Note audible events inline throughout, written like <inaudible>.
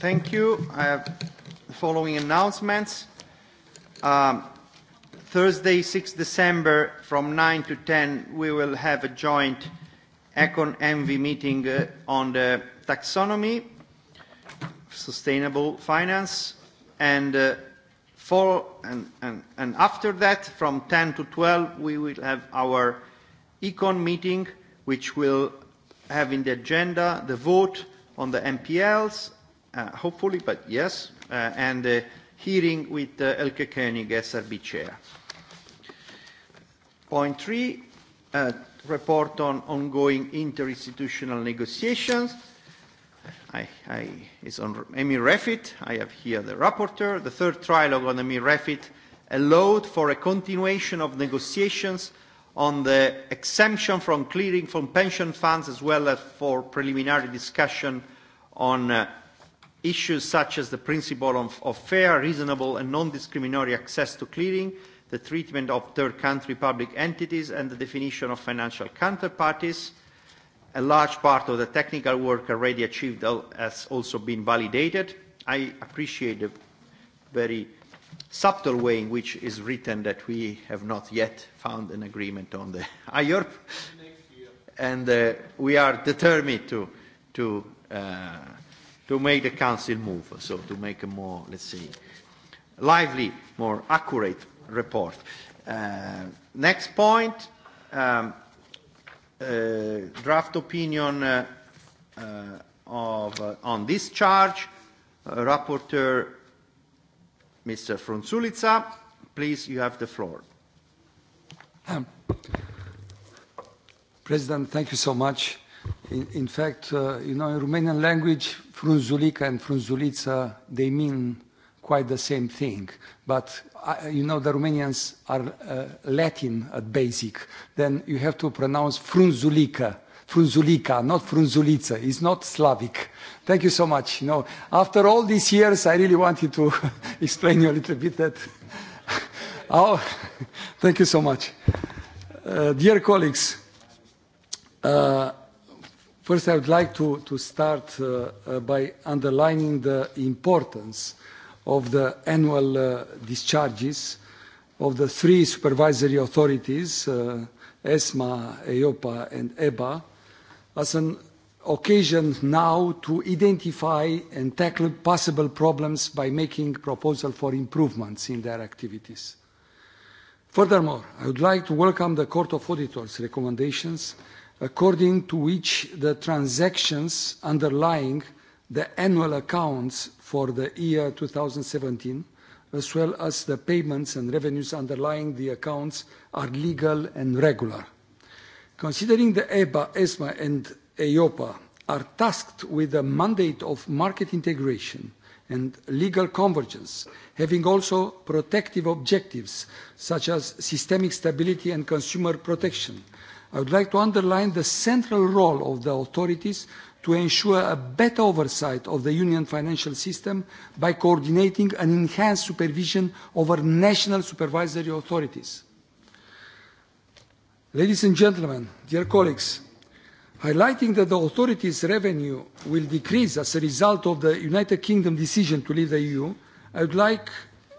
Thank you. I have the following announcements. Um, Thursday, 6 December, from 9 to 10, we will have a joint Econ Envy meeting uh, on the taxonomy, sustainable finance, and uh, for and, and, and after that, from 10 to 12, we will have our Econ meeting, which will have in the agenda the vote on the MPLs Uh, hopefully, but yes, uh, and uh, hearing with uh, Elke Koenig, SRB chair. Point three, uh, report on ongoing interinstitutional negotiations. I, I, it's on EMI Refit. I have here the rapporteur. The third trilogue on EMI Refit allowed for a continuation of negotiations on the exemption from clearing from pension funds as well as for preliminary discussion on uh, Issues such as the principle of, of fair, reasonable and non-discriminatory access to clearing, the treatment of third country public entities and the definition of financial counterparties. A large part of the technical work already achieved has also been validated. I appreciate the very subtle way in which is written that we have not yet found an agreement on the <laughs> IORP. E and uh, we are determined to, to uh, to make the Council move, so to make a more, let's say, lively, more accurate report. Uh, next point, um, uh, draft opinion uh, uh, of, uh, on this charge, uh, Rapporteur Mr. Frunzulica. Please, you have the floor. Um, President, thank you so much. In, in fact, uh, you know, in Romanian language, frunzulica and frunzulica they mean quite the same thing. But, uh, you know, the Romanians are uh, Latin at basic. Then you have to pronounce frunzulica, frunzulica, not frunzulica, It's not Slavic. Thank you so much. You know, after all these years, I really wanted to <laughs> explain you a little bit that. <laughs> oh, <laughs> thank you so much. Uh, dear colleagues, uh, First, I would like to, start uh, uh, by underlining the importance of the annual uh, discharges of the three supervisory authorities, ESMA, EIOPA, and EBA, as an occasion now to identify and tackle possible problems by making proposals for improvements in their activities. Furthermore, I would like to welcome the Court of Auditors' recommendations according to which the transactions underlying the annual accounts for the year 2017, as well as the payments and revenues underlying the accounts, are legal and regular. Considering the EBA, ESMA, and EIOPA are tasked with a mandate of market integration and legal convergence, having also protective objectives such as systemic stability and consumer protection, i would like to underline the central role of the authorities to ensure a better oversight of the union financial system by coordinating and enhanced supervision over national supervisory authorities. Ladies and gentlemen, dear colleagues, highlighting that the authorities' revenue will decrease as a result of the United Kingdom decision to leave the EU, I would like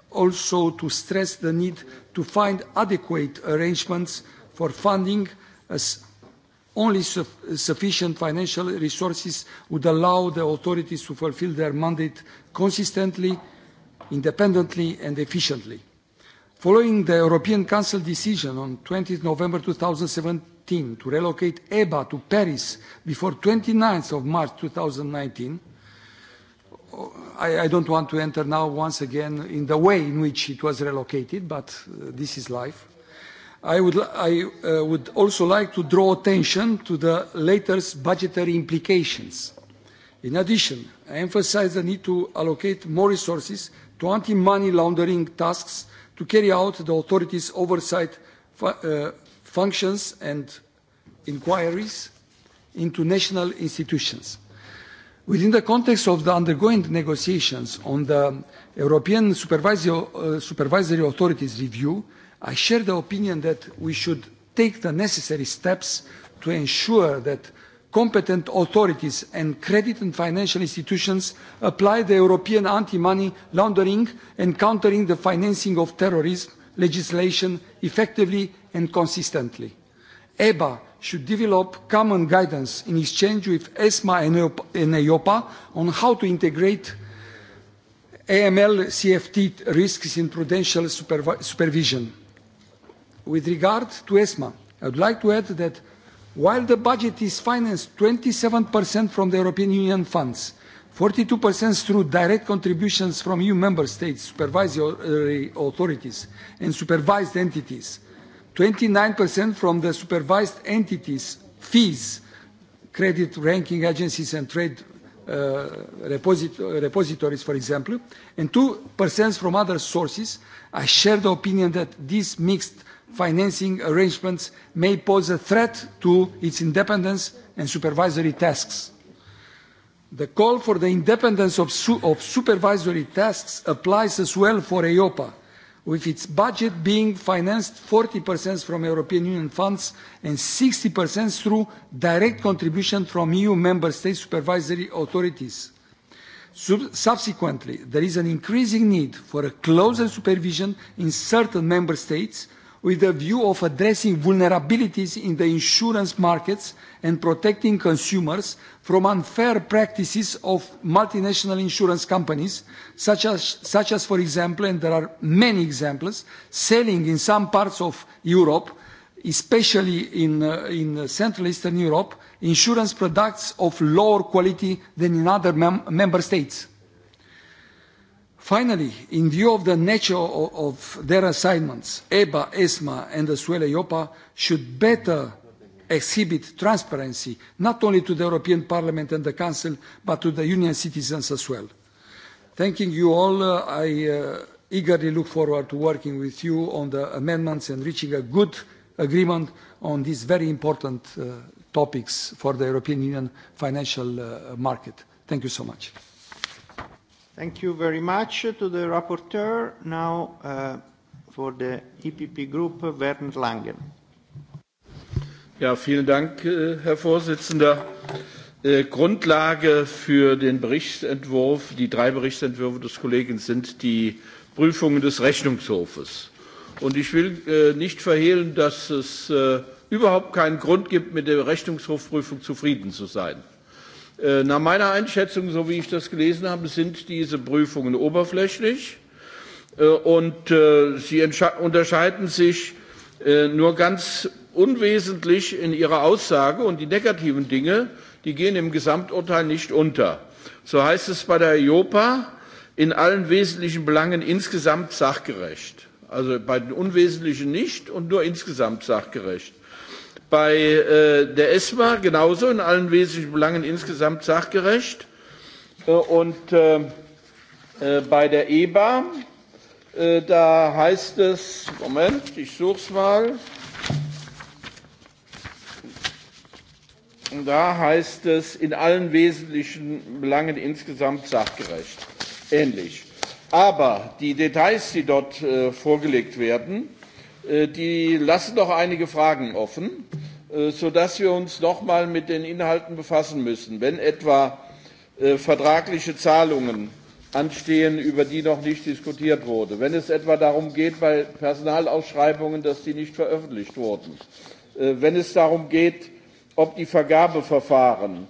also to stress the need to find adequate arrangements for funding as only su sufficient financial resources would allow the authorities to fulfil their mandate consistently, independently and efficiently. Following the European Council decision on 20 November seventeen to relocate EBA to Paris before 29th of March nineteen, I, I don't want to enter now once again in the way in which it was relocated, but uh, this is life. I would, I, uh, would also like to draw attention to the latest budgetary implications. In addition, I emphasise the need to allocate more resources to anti-money laundering tasks to carry out the authorities' oversight fu uh, functions and inquiries into national institutions. Within the context of the undergoing negotiations on the European Supervisory, uh, Supervisory Authorities Review, i share the opinion that we should take the necessary steps to ensure that competent authorities and credit and financial institutions apply the European anti-money laundering and countering the financing of terrorism legislation effectively and consistently. EBA should develop common guidance in exchange with ESMA and EIOPA e on how to integrate AML CFT risks in prudential supervision with regard to ESMA, I would like to add that while the budget is financed 27% from the European Union funds, 42% through direct contributions from EU member states, supervisory authorities and supervised entities, 29% from the supervised entities fees, credit ranking agencies and trade uh, repositories, for example, and 2% from other sources, I share the opinion that this mixed financing arrangements may pose a threat to its independence and supervisory tasks. The call for the independence of, su of supervisory tasks applies as well for EIOPA, with its budget being financed 40% from European Union funds and 60% through direct contribution from EU member state supervisory authorities. Sub subsequently, there is an increasing need for a closer supervision in certain member states with a view of addressing vulnerabilities in the insurance markets and protecting consumers from unfair practices of multinational insurance companies, such as, such as for example, and there are many examples, selling in some parts of Europe, especially in, uh, in Central Eastern Europe, insurance products of lower quality than in other mem member states Finally, in view of the nature of, their assignments, EBA, ESMA and the Suele-IOPA should better exhibit transparency, not only to the European Parliament and the Council, but to the Union citizens as well. Thanking you all, uh, I uh, eagerly look forward to working with you on the amendments and reaching a good agreement on these very important uh, topics for the European Union financial uh, market. Thank you so much. Thank you very much to the rapporteur. Now, uh, for the EPP Group, Werner Langen. Ja, vielen Dank, äh, Herr Vorsitzender. Äh, Grundlage für den Berichtsentwurf, die drei Berichtsentwürfe des Kollegen sind die Prüfungen des Rechnungshofes. Und ich will äh, nicht verhehlen, dass es überhaupt keinen Grund gibt, mit der Rechnungshofprüfung zufrieden zu sein. Äh, nach meiner Einschätzung, so wie ich das gelesen habe, sind diese Prüfungen oberflächlich äh, und äh, sie unterscheiden sich nur ganz unwesentlich in ihrer Aussage und die negativen Dinge, die gehen im Gesamturteil nicht unter. So heißt es bei der EIOPA in allen wesentlichen Belangen insgesamt sachgerecht. Also bei den Unwesentlichen nicht und nur insgesamt sachgerecht bei äh, der ESMA genauso in allen wesentlichen Belangen insgesamt sachgerecht äh, und ähm, äh, bei der EBA da heißt es, Moment, ich suche es mal, da heißt es in allen wesentlichen Belangen insgesamt sachgerecht, ähnlich. Aber die Details, die dort vorgelegt werden, Äh, die lassen noch einige Fragen offen, äh, sodass wir uns noch einmal mit den Inhalten befassen müssen. Wenn etwa äh, vertragliche Zahlungen anstehen, über die noch nicht diskutiert wurde, wenn es etwa darum geht, bei Personalausschreibungen, dass die nicht veröffentlicht wurden, wenn es darum geht, ob die Vergabeverfahren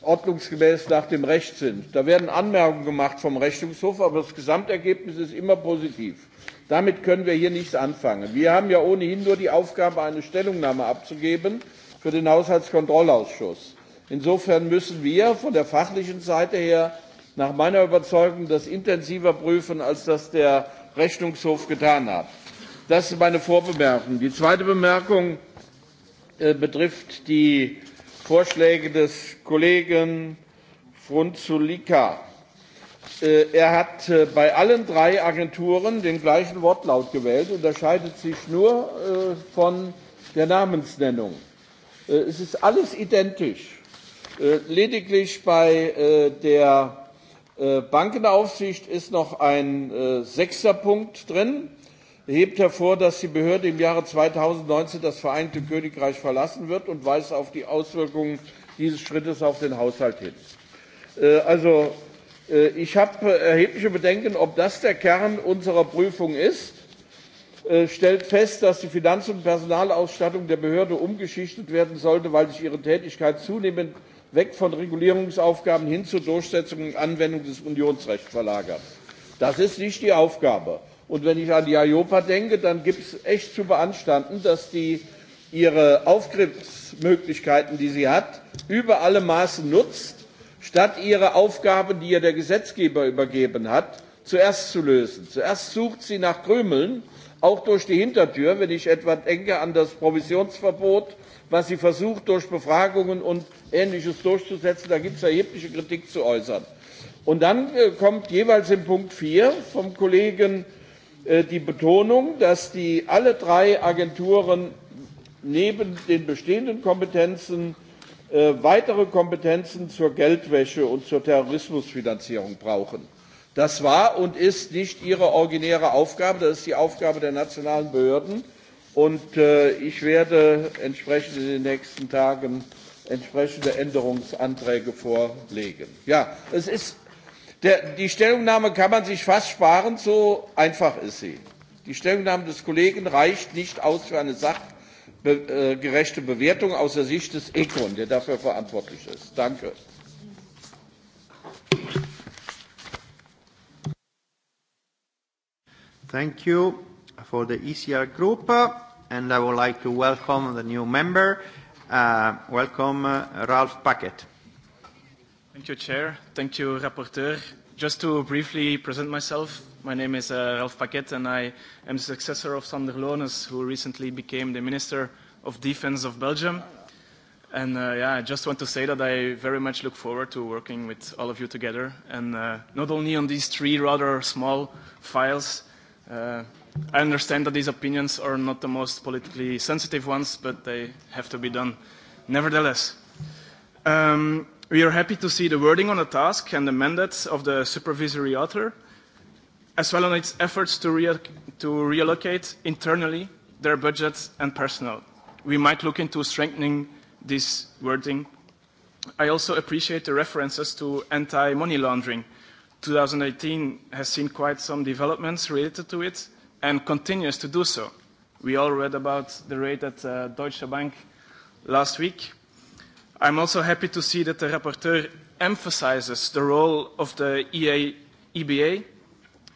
ordnungsgemäß nach dem Recht sind. Da werden Anmerkungen gemacht vom Rechnungshof, aber das Gesamtergebnis ist immer positiv. Damit können wir hier nichts anfangen. Wir haben ja ohnehin nur die Aufgabe, eine Stellungnahme abzugeben für den Haushaltskontrollausschuss. Insofern müssen wir von der fachlichen Seite her nach meiner Überzeugung das intensiver prüfen, als das der Rechnungshof getan hat. Das ist meine Vorbemerkung. Die zweite Bemerkung äh, betrifft die Vorschläge des Kollegen Frunzulika Äh, er hat äh, bei allen drei Agenturen den gleichen Wortlaut gewählt, unterscheidet sich nur äh, von der Namensnennung. Es ist alles identisch. Lediglich bei der Bankenaufsicht ist noch ein sechster Punkt drin. Er hebt hervor, dass die Behörde im Jahre 2019 das Vereinigte Königreich verlassen wird und weist auf die Auswirkungen dieses Schrittes auf den Haushalt hin. Also Äh, ich habe äh, erhebliche Bedenken, ob das der Kern unserer Prüfung ist. Äh, stellt fest, dass die Finanz- und Personalausstattung der Behörde umgeschichtet werden sollte, weil sich ihre Tätigkeit zunehmend weg von Regulierungsaufgaben hin zur Durchsetzung und Anwendung des Unionsrechts verlagert. Das ist nicht die Aufgabe. Und wenn ich an die IOPA denke, dann gibt es echt zu beanstanden, dass die ihre Aufgriffsmöglichkeiten, die sie hat, über alle Maßen nutzt statt ihre Aufgaben, die ihr der Gesetzgeber übergeben hat, zuerst zu lösen. Zuerst sucht sie nach Krümeln, auch durch die Hintertür, wenn ich etwa denke an das Provisionsverbot, was sie versucht, durch Befragungen und Ähnliches durchzusetzen. Da gibt es erhebliche Kritik zu äußern. Und dann äh, kommt jeweils in Punkt vier vom Kollegen äh, die Betonung, dass die, alle drei Agenturen neben den bestehenden Kompetenzen Äh, weitere Kompetenzen zur Geldwäsche und zur Terrorismusfinanzierung brauchen. Das war und ist nicht ihre originäre Aufgabe, das ist die Aufgabe der nationalen Behörden. Und äh, ich werde entsprechend in den nächsten Tagen entsprechende Änderungsanträge vorlegen. Ja, es ist, der, die Stellungnahme kann man sich fast sparen, so einfach ist sie. Die Stellungnahme des Kollegen reicht nicht aus für eine Sache be äh, gerechte Bewertung aus der Sicht des ECON, der dafür verantwortlich ist. Danke. Thank you for the ECR group, uh, and I would like to welcome the new member. Uh, welcome, uh, Ralph Packett. Thank you, Chair. Thank you, Rapporteur. Just to briefly present myself, my name is uh, Ralph Paquet and I am the successor of Sander Lones, who recently became the Minister of Defense of Belgium. And uh, yeah, I just want to say that I very much look forward to working with all of you together, and uh, not only on these three rather small files. Uh, I understand that these opinions are not the most politically sensitive ones, but they have to be done nevertheless. Um, We are happy to see the wording on the task and the mandate of the supervisory author, as well as its efforts to, re to reallocate internally their budgets and personnel. We might look into strengthening this wording. I also appreciate the references to anti-money laundering. 2018 has seen quite some developments related to it and continues to do so. We all read about the raid at uh, Deutsche Bank last week. I'm also happy to see that the rapporteur emphasizes the role of the EA, EBA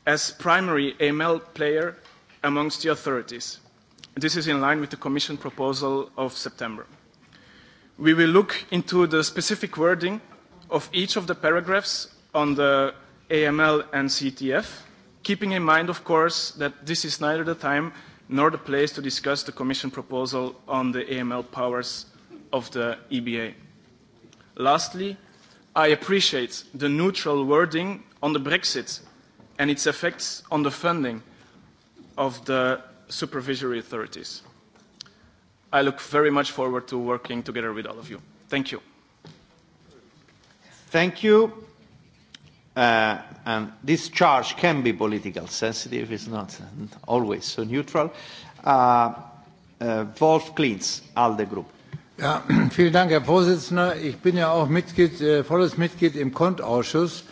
as primary AML player amongst the authorities. This is in line with the Commission proposal of September. We will look into the specific wording of each of the paragraphs on the AML and CTF, keeping in mind, of course, that this is neither the time nor the place to discuss the Commission proposal on the AML powers of the EBA. Lastly, I appreciate the neutral wording on the Brexit and its effects on the funding of the supervisory authorities. I look very much forward to working together with all of you. Thank you. Thank you. Uh, and this charge can be political sensitive. It's not always so neutral. Uh, uh, Wolf Klintz, ALDE Group. <clears throat> Herr Präsident. Ich bin ja auch äh, volles Mitglied im Kontausschuss.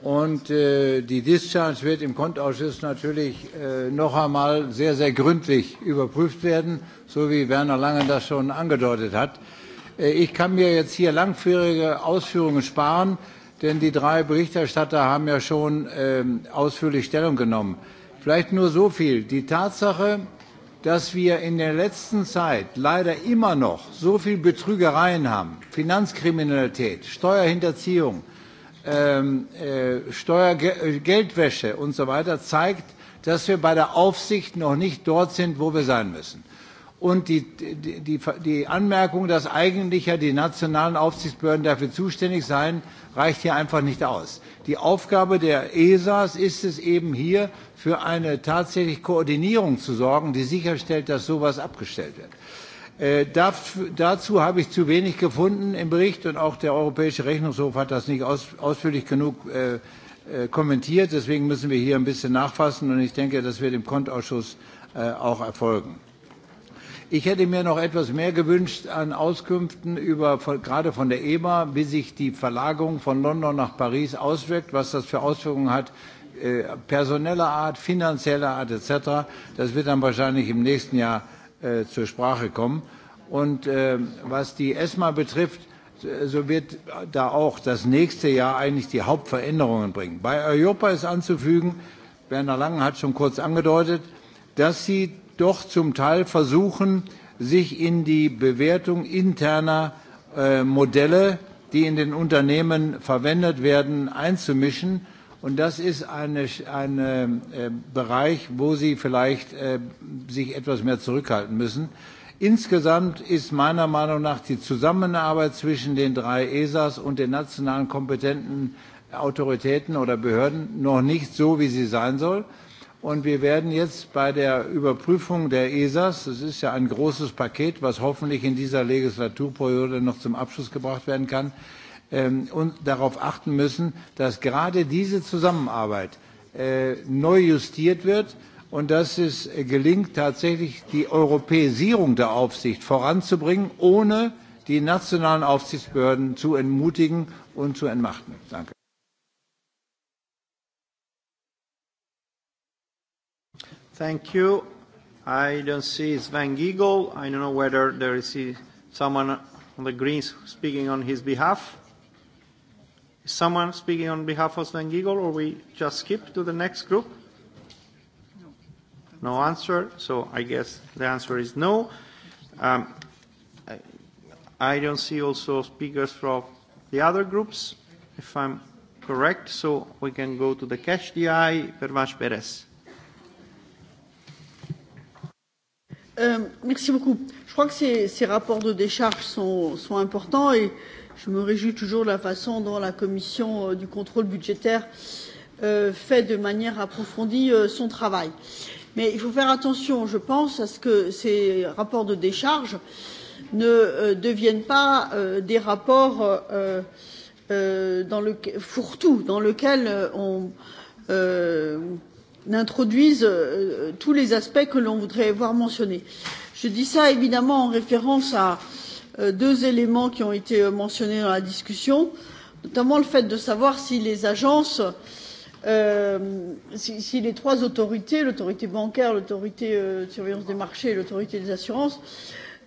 Und äh, die Discharge wird im Kontausschuss natürlich äh, noch einmal sehr, sehr gründlich überprüft werden, so wie Werner Langen das schon angedeutet hat. ich kann mir jetzt hier langwierige Ausführungen sparen, denn die drei Berichterstatter haben ja schon ähm, ausführlich Stellung genommen. Vielleicht nur so viel. Die Tatsache, dass wir in der letzten Zeit leider immer noch so viel Betrügereien haben, Finanzkriminalität, Steuerhinterziehung, ähm, äh, Steuergeldwäsche und so weiter, zeigt, dass wir bei der Aufsicht noch nicht dort sind, wo wir sein müssen. Und die, die, die, Anmerkung, dass eigentlich ja die nationalen Aufsichtsbehörden dafür zuständig seien, reicht hier einfach nicht aus. Die Aufgabe der ESAs ist es eben hier, für eine tatsächliche Koordinierung zu sorgen, die sicherstellt, dass so etwas abgestellt wird. Äh, dazu habe ich zu wenig gefunden im Bericht und auch der Europäische Rechnungshof hat das nicht aus, ausführlich genug äh, äh, kommentiert. Deswegen müssen wir hier ein bisschen nachfassen und ich denke, das wird im Kontausschuss äh, auch erfolgen. Ich hätte mir noch etwas mehr gewünscht an Auskünften über, gerade von der EMA, wie sich die Verlagerung von London nach Paris auswirkt, was das für Auswirkungen hat Äh, personeller Art, finanzieller Art etc. Das wird dann wahrscheinlich im nächsten Jahr äh, zur Sprache kommen. Und äh, was die ESMA betrifft, so wird da auch das nächste Jahr eigentlich die Hauptveränderungen bringen. Bei Europa ist anzufügen, Werner Langen hat schon kurz angedeutet, dass sie doch zum Teil versuchen, sich in die Bewertung interner äh, Modelle, die in den Unternehmen verwendet werden, einzumischen Und das ist ein äh, Bereich, wo Sie vielleicht äh, sich etwas mehr zurückhalten müssen. Insgesamt ist meiner Meinung nach die Zusammenarbeit zwischen den drei ESAs und den nationalen kompetenten Autoritäten oder Behörden noch nicht so, wie sie sein soll. Und wir werden jetzt bei der Überprüfung der ESAs, das ist ja ein großes Paket, was hoffentlich in dieser Legislaturperiode noch zum Abschluss gebracht werden kann, Ähm, und darauf achten müssen, dass gerade diese Zusammenarbeit äh, neu justiert wird und dass es gelingt, tatsächlich die Europäisierung der Aufsicht voranzubringen, ohne die nationalen Aufsichtsbehörden zu entmutigen und zu entmachten. Danke. Thank you. I don't see Sven Giegel. I don't know whether there is someone on the Greens speaking on his behalf. Is someone speaking on behalf of Sven Giegel, or we just skip to the next group? No, no answer, so I guess the answer is no. Um, I, I don't see also speakers from the other groups, if I'm correct, so we can go to the cash DI, Pervash Perez. Euh, merci beaucoup. Je crois que ces, ces rapports de décharge sont, sont importants et euh, je me réjouis toujours de la façon dont la commission euh, du contrôle budgétaire euh, fait de manière approfondie euh, son travail. Mais il faut faire attention, je pense, à ce que ces rapports de décharge ne deviennent pas des rapports le... fourre-tout dans lesquels on introduise tous les aspects que l'on voudrait voir mentionnés. Je dis ça évidemment en référence à Euh, deux éléments qui ont été euh, mentionnés dans la discussion notamment le fait de savoir si les agences euh, si, si les trois autorités l'autorité bancaire l'autorité euh, de surveillance des marchés et l'autorité des assurances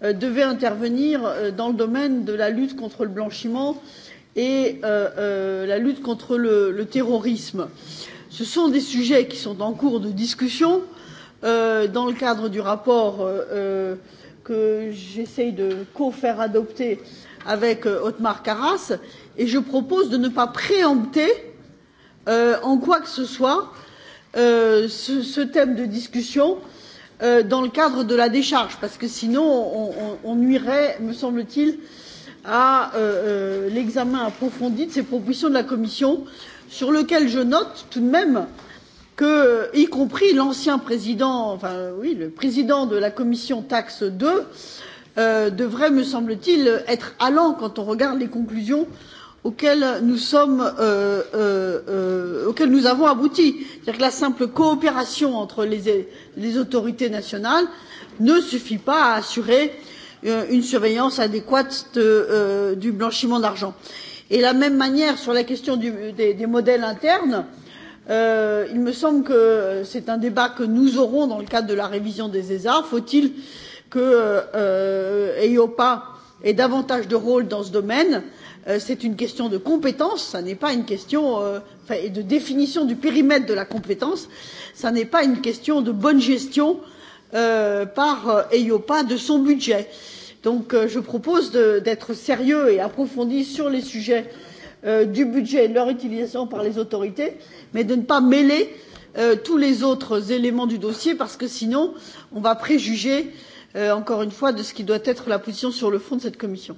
euh, devaient intervenir euh, dans le domaine de la lutte contre le blanchiment et la lutte contre le, le terrorisme. ce sont des sujets qui sont en cours de discussion dans le cadre du rapport que j'essaye de co-faire adopter avec euh, Otmar Karas et je propose de ne pas préempter euh, en quoi que ce soit euh, ce, ce thème de discussion euh, dans le cadre de la décharge parce que sinon on, on, on nuirait, me semble-t-il, à euh, euh l'examen approfondi de ces propositions de la Commission sur lequel je note tout de même euh, que y compris l'ancien président enfin oui le président de la commission taxe 2 euh, devrait me semble t il être allant quand on regarde les conclusions auxquelles nous sommes euh, euh, euh auxquelles nous avons abouti c'est à dire que la simple coopération entre les, les autorités nationales ne suffit pas à assurer euh, une surveillance adéquate de, euh, du blanchiment d'argent. et de la même manière sur la question du, des, des modèles internes Euh, il me semble que c'est un débat que nous aurons dans le cadre de la révision des ESA. Faut-il que euh, e ait davantage de rôle dans ce domaine euh, C'est une question de compétence, ça n'est pas une question euh, et de définition du périmètre de la compétence, ça n'est pas une question de bonne gestion euh, par EIOPA euh, e de son budget. Donc euh, je propose d'être sérieux et approfondi sur les sujets euh, euh, du budget et de leur utilisation par les autorités mais de ne pas mêler euh, tous les autres éléments du dossier parce que sinon on va préjuger euh, encore une fois de ce qui doit être la position sur le fond de cette commission.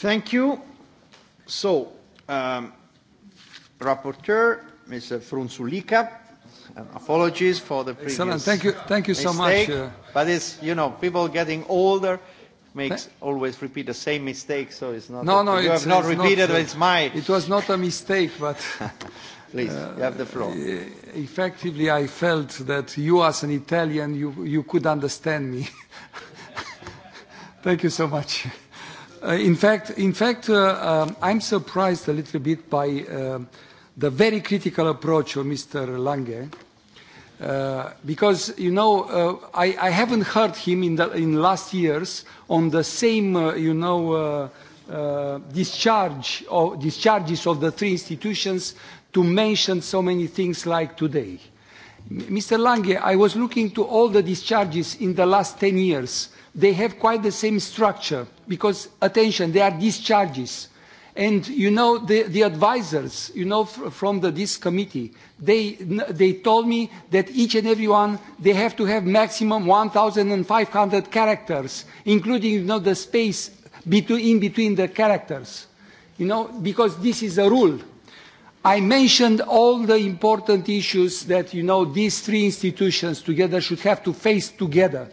Thank you. So, um, rapporteur, Mr. Frunzulika apologies for the previous Excellent. Thank you, thank you so mistake, much. Uh, but it's, you know, people getting older makes always repeat the same mistake, so it's not. No, a, no, you it's, have not repeated. Not, it's my. It was not a mistake, but. <laughs> Uh, Please, you have the floor. Uh, effectively, I felt that you, as an Italian, you you could understand me. <laughs> Thank you so much. Uh, in fact, in fact, uh, um, I'm surprised a little bit by uh, the very critical approach of Mr. Lange Uh, because you know uh, I, I haven't heard him in the in last years on the same uh, you know uh, uh, discharge or discharges of the three institutions to mention so many things like today. Mr. Lange, I was looking to all the discharges in the last 10 years. They have quite the same structure because attention, they are discharges And you know, the, the advisors, you know, fr from the, this committee, they, they told me that each and every one, they have to have maximum 1,500 characters, including, you know, the space between, in between the characters. You know, because this is a rule. I mentioned all the important issues that, you know, these three institutions together should have to face together.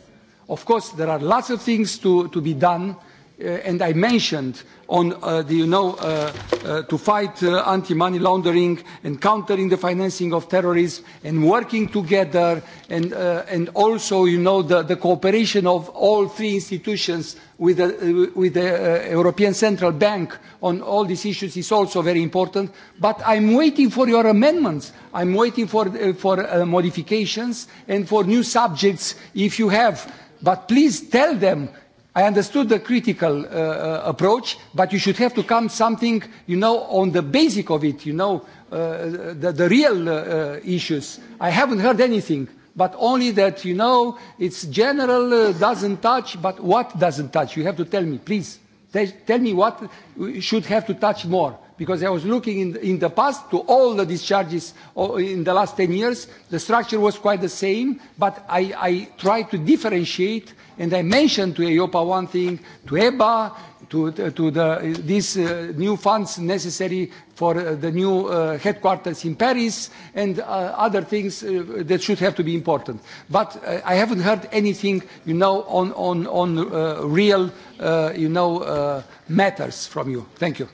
Of course, there are lots of things to, to be done, uh, and I mentioned on uh, the, you know, uh, uh, to fight uh, anti-money laundering and countering the financing of terrorism and working together and, uh, and also, you know, the, the cooperation of all three institutions with the, uh, with the uh, European Central Bank on all these issues is also very important. But I'm waiting for your amendments. I'm waiting for, uh, for uh, modifications and for new subjects if you have. But please tell them i understood the critical uh, uh, approach, but you should have to come something, you know, on the basic of it, you know, uh, the, the real uh, uh, issues. I haven't heard anything, but only that, you know, it's general, uh, doesn't touch, but what doesn't touch? You have to tell me, please. Tell, tell me what should have to touch more because I was looking in the, in the past to all the discharges oh, in the last 10 years, the structure was quite the same, but I, I tried to differentiate and I mentioned to EIOPA one thing, to EBA, to, to the, these uh, new funds necessary for uh, the new uh, headquarters in Paris and uh, other things uh, that should have to be important. But uh, I haven't heard anything, you know, on, on, on uh, real, uh, you know, uh, matters from you. Thank you.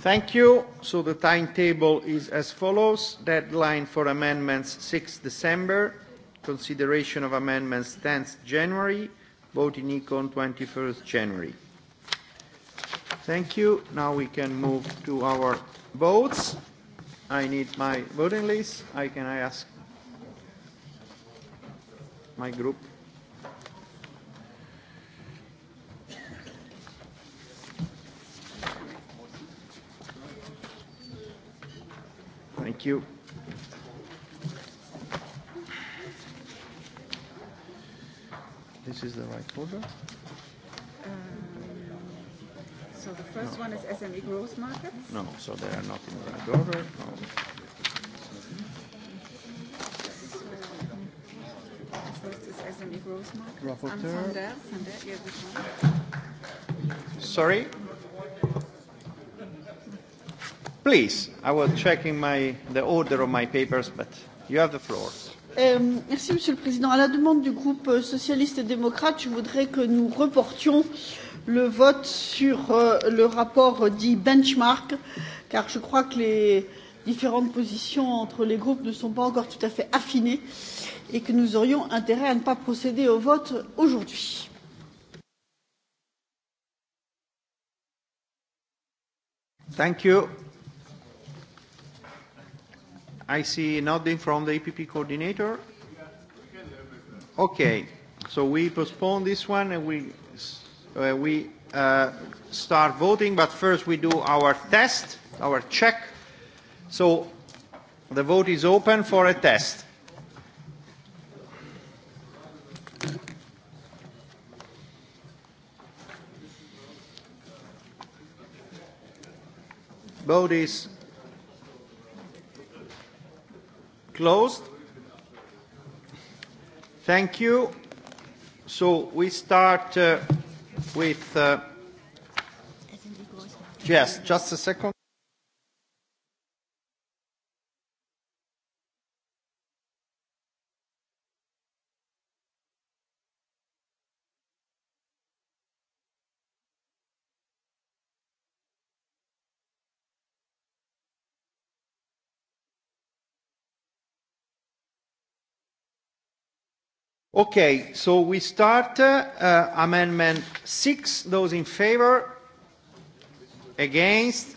Thank you. So the timetable is as follows. Deadline for amendments 6 December. Consideration of amendments 10th January. Vote in Econ 21st January. Thank you. Now we can move to our votes. I need my voting list. I can I ask my group Thank you. This is the right folder. Um, so the first no. one is SME growth markets? No, so they are not in the right order. No. First is SME growth markets. Rapporteur. Sorry? Please, I was checking my, the order of my papers, but you have the floor. Euh, merci, Monsieur le Président. À la demande du groupe euh, socialiste et démocrate, je voudrais que nous reportions le vote sur euh, le rapport dit benchmark, car je crois que les différentes positions entre les groupes ne sont pas encore tout à fait affinées et que nous aurions intérêt à ne pas procéder au vote aujourd'hui. Thank you. I see nothing from the EPP coordinator. Okay, so we postpone this one and we, uh, we uh, start voting, but first we do our test, our check. So the vote is open for a test. Vote is closed. Thank you. So we start uh, with. Uh, yes, just a second. Okay, so we start uh, amendment 6. Those in favor? Against?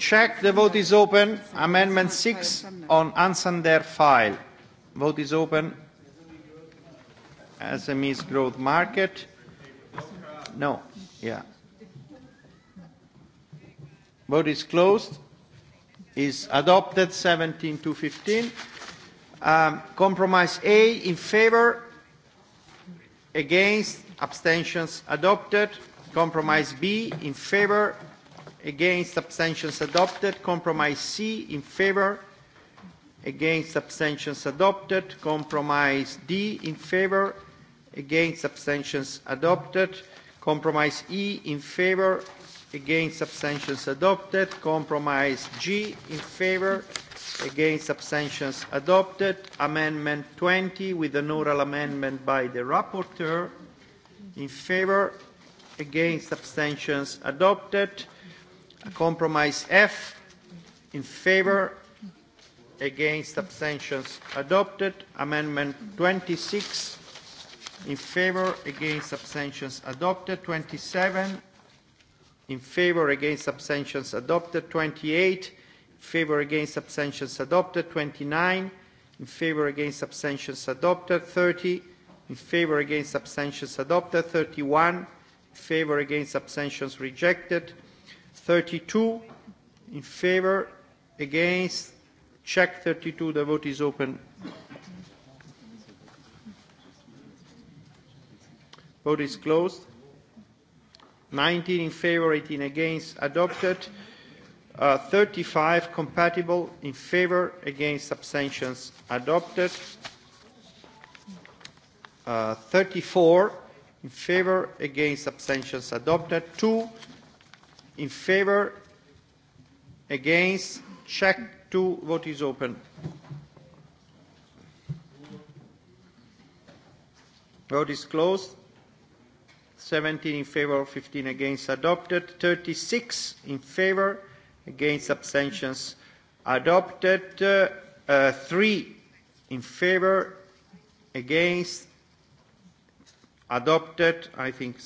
Check. The vote is open. Amendment 6 on Ansander file. Vote is open. SMEs growth market. No. Yeah. Vote is closed. Is adopted 17 to 15. Um, compromise A in favor, against, abstentions adopted. Compromise B in favor, against, abstentions adopted. Compromise C in favor, against, abstentions adopted. Compromise D in favor, against, abstentions adopted. Compromise E in favor, against, abstentions adopted. Compromise G in favor, against abstentions adopted. Amendment 20 with an oral amendment by the rapporteur in favor, against abstentions adopted. Compromise F in favor, against abstentions adopted. Amendment 26 in favor, against abstentions adopted. 27 in favor, against abstentions adopted. 28 favor against abstentions adopted 29 in favor against abstentions adopted 30 in favor against abstentions adopted 31 in favor against abstentions rejected 32 in favor against check 32 the vote is open vote is closed 19 in favor 18 against adopted Uh, five compatible in favour, against abstentions adopted uh, four in favour, against abstentions adopted Two in favour, against check two vote is open vote is closed 17 in favour, 15 against adopted 36 in favour against abstentions adopted uh, uh, three in favor against adopted i think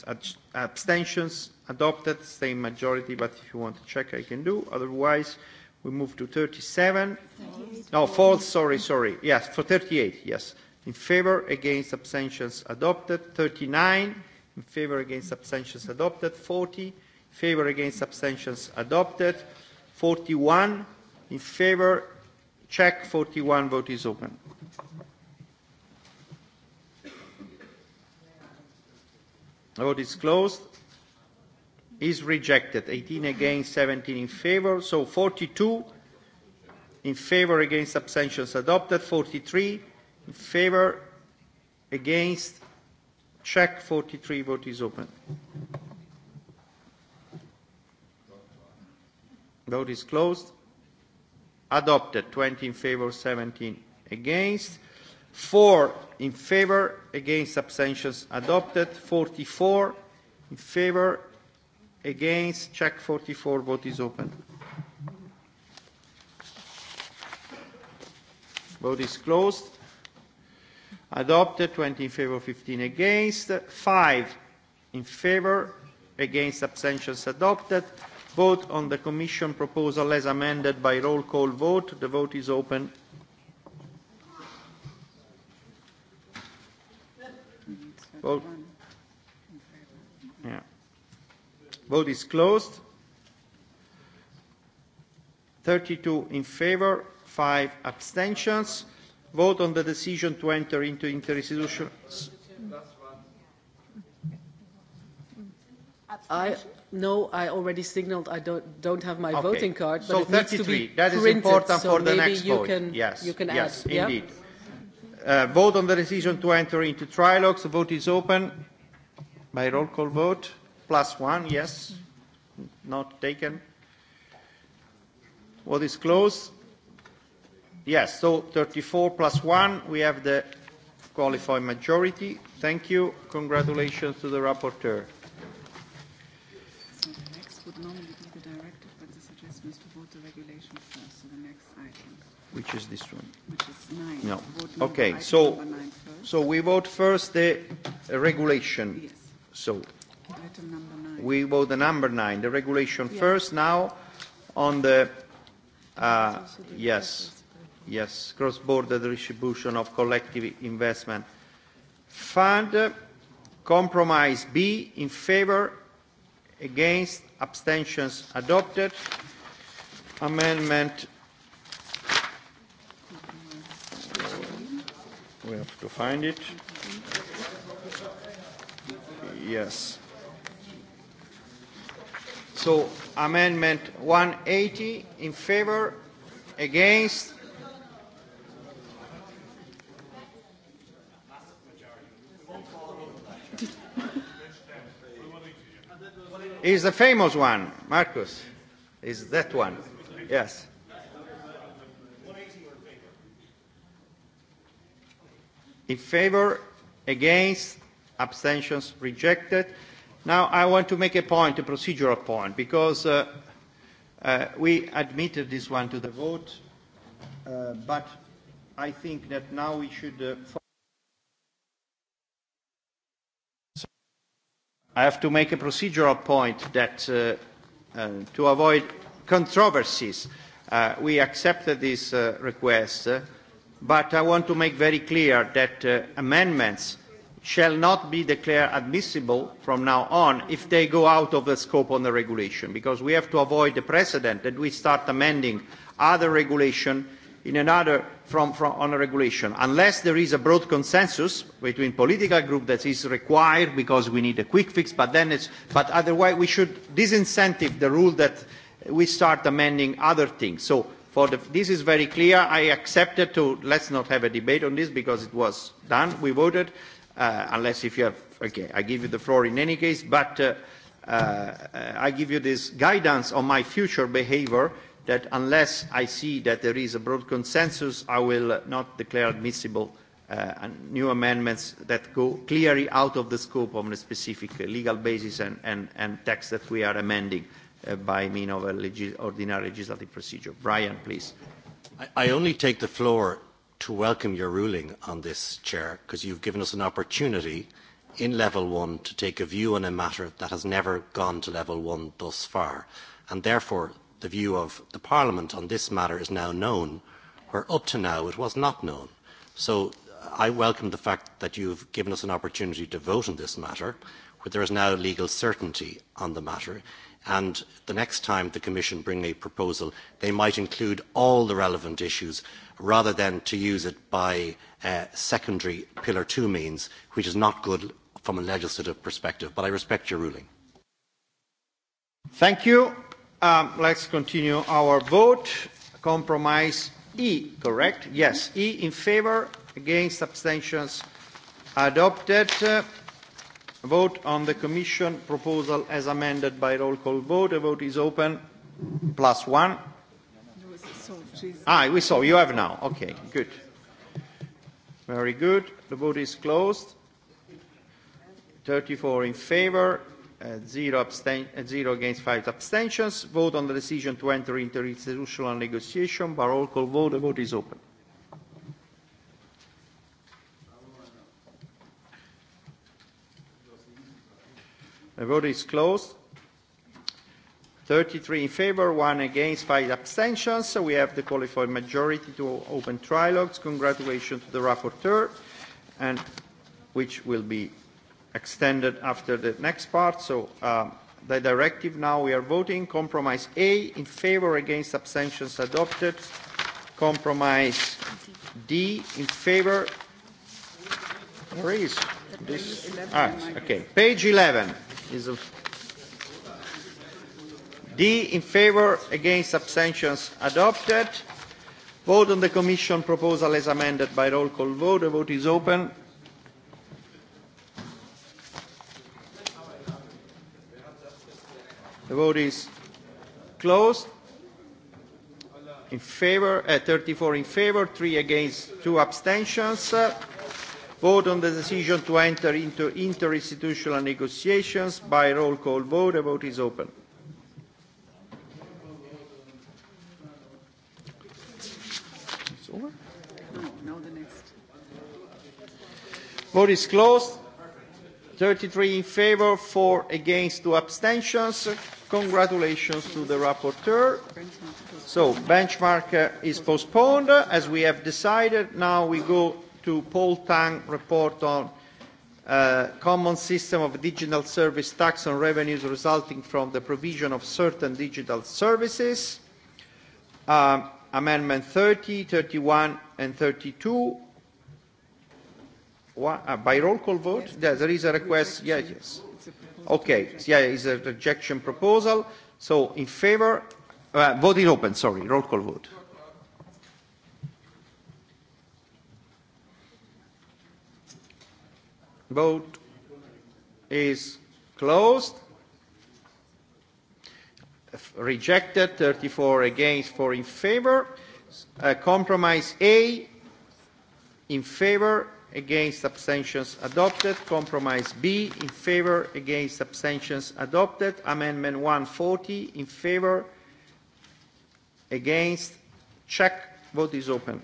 abstentions adopted same majority but if you want to check i can do otherwise we move to 37 38. no false sorry sorry yes for 38 yes in favor against abstentions adopted 39 in favor against abstentions adopted 40 in favor against abstentions adopted 41 in favor. Check 41. Vote is open. the Vote is closed. Is rejected. 18 against, 17 in favor. So 42 in favor against abstentions adopted. 43 in favor against. Check 43. Vote is open. Vote is closed. Adopted. 20 in favor, 17 against. 4 in favor, against abstentions adopted. 44 in favor, against. Check 44. Vote is open. Vote is closed. Adopted. 20 in favor, 15 against. 5 in favor, against abstentions adopted. Vote on the Commission proposal as amended by roll call vote. The vote is open. Vote. Yeah. Vote is closed. 32 in favor, five abstentions. Vote on the decision to enter into interinstitutional. I, No, I already signaled I don't, don't have my okay. voting card, but so it 33, needs to be that printed, is important so for the next you vote. can, yes, you can yes, add. indeed. Yeah? Uh, vote on the decision to enter into trilogues. The vote is open by roll call vote. Plus one, yes. Not taken. What is closed. Yes, so 34 plus one, we have the qualified majority. Thank you. Congratulations to the rapporteur normally do the directive, but the suggestion is to vote the regulation first, so the next item. Which is this one? Which is nine. No. Vote okay, item so, nine first. so we vote first the regulation. Yes. So item number nine. we vote the number nine, the regulation yeah. first. Now on the, uh, yes, yes, cross-border distribution of collective investment fund. Uh, compromise B in favor, against, abstentions adopted. Amendment we have to find it. Yes. So amendment 180 in favor, against, is the famous one, Marcus. Is that one? Yes. In favor, against, abstentions rejected. Now I want to make a point, a procedural point, because uh, uh, we admitted this one to the vote, uh, but I think that now we should. Uh, I have to make a procedural point that uh, uh, to avoid controversies, uh, we accepted this uh, request, uh, but I want to make very clear that uh, amendments shall not be declared admissible from now on if they go out of the scope of the regulation, because we have to avoid the precedent that we start amending other regulations in another from, from, on a regulation, unless there is a broad consensus between political groups that is required because we need a quick fix, but then it's, but otherwise we should disincentive the rule that we start amending other things. So for the, this is very clear. I accepted to, let's not have a debate on this because it was done. We voted, uh, unless if you have, okay, I give you the floor in any case, but uh, uh, I give you this guidance on my future behavior that unless I see that there is a broad consensus, I will not declare admissible uh, new amendments that go clearly out of the scope of the specific legal basis and, and, and text that we are amending uh, by means of an legis ordinary legislative procedure. Brian, please. I, I only take the floor to welcome your ruling on this, Chair, because you've given us an opportunity in level one to take a view on a matter that has never gone to level one thus far. And therefore, the view of the Parliament on this matter is now known, where up to now it was not known. So uh, I welcome the fact that you have given us an opportunity to vote on this matter, where there is now legal certainty on the matter. And the next time the Commission bring a proposal, they might include all the relevant issues rather than to use it by uh, secondary Pillar two means, which is not good from a legislative perspective. But I respect your ruling. Thank you. Um, let's continue our vote. Compromise E, correct? Yes. E in favor, against abstentions adopted. Uh, vote on the Commission proposal as amended by roll call vote. The vote is open. Plus one. Ah, we saw. You have now. Okay, good. Very good. The vote is closed. 34 in favor, Uh, zero, abstain uh, zero against five abstentions. Vote on the decision to enter into institutional negotiation by roll call vote. The vote is open. The vote is closed. 33 in favor, one against, five abstentions. So we have the qualified majority to open trilogues. Congratulations to the rapporteur, and which will be extended after the next part. So uh, the directive now we are voting. Compromise A in favor against abstentions adopted. Compromise D in favor. Where is this? Ah, okay. Page 11 is a D in favor against abstentions adopted. Vote on the Commission proposal as amended by roll call vote. The vote is open. The vote is closed. In favor, uh, 34 in favor, 3 against, 2 abstentions. Uh, vote on the decision to enter into interinstitutional negotiations by roll call vote. The vote is open. No, no, vote is closed. 33 in favor, 4 against, 2 abstentions. Congratulations to the rapporteur. So benchmark uh, is postponed. As we have decided, now we go to Paul Tang report on uh, common system of digital service tax on revenues resulting from the provision of certain digital services. Um, amendment 30, 31 and 32. What, uh, by roll call vote? Yes. Yeah, there is a request. Yeah, yes. Okay, yeah, it's a rejection proposal. So in favor, uh, vote in open, sorry, roll call vote. Vote is closed. Rejected, 34 against, 4 in favor. Uh, compromise A, in favor, against abstentions adopted. Compromise B in favour against abstentions adopted. Amendment 140 in favor. against check. Vote is open.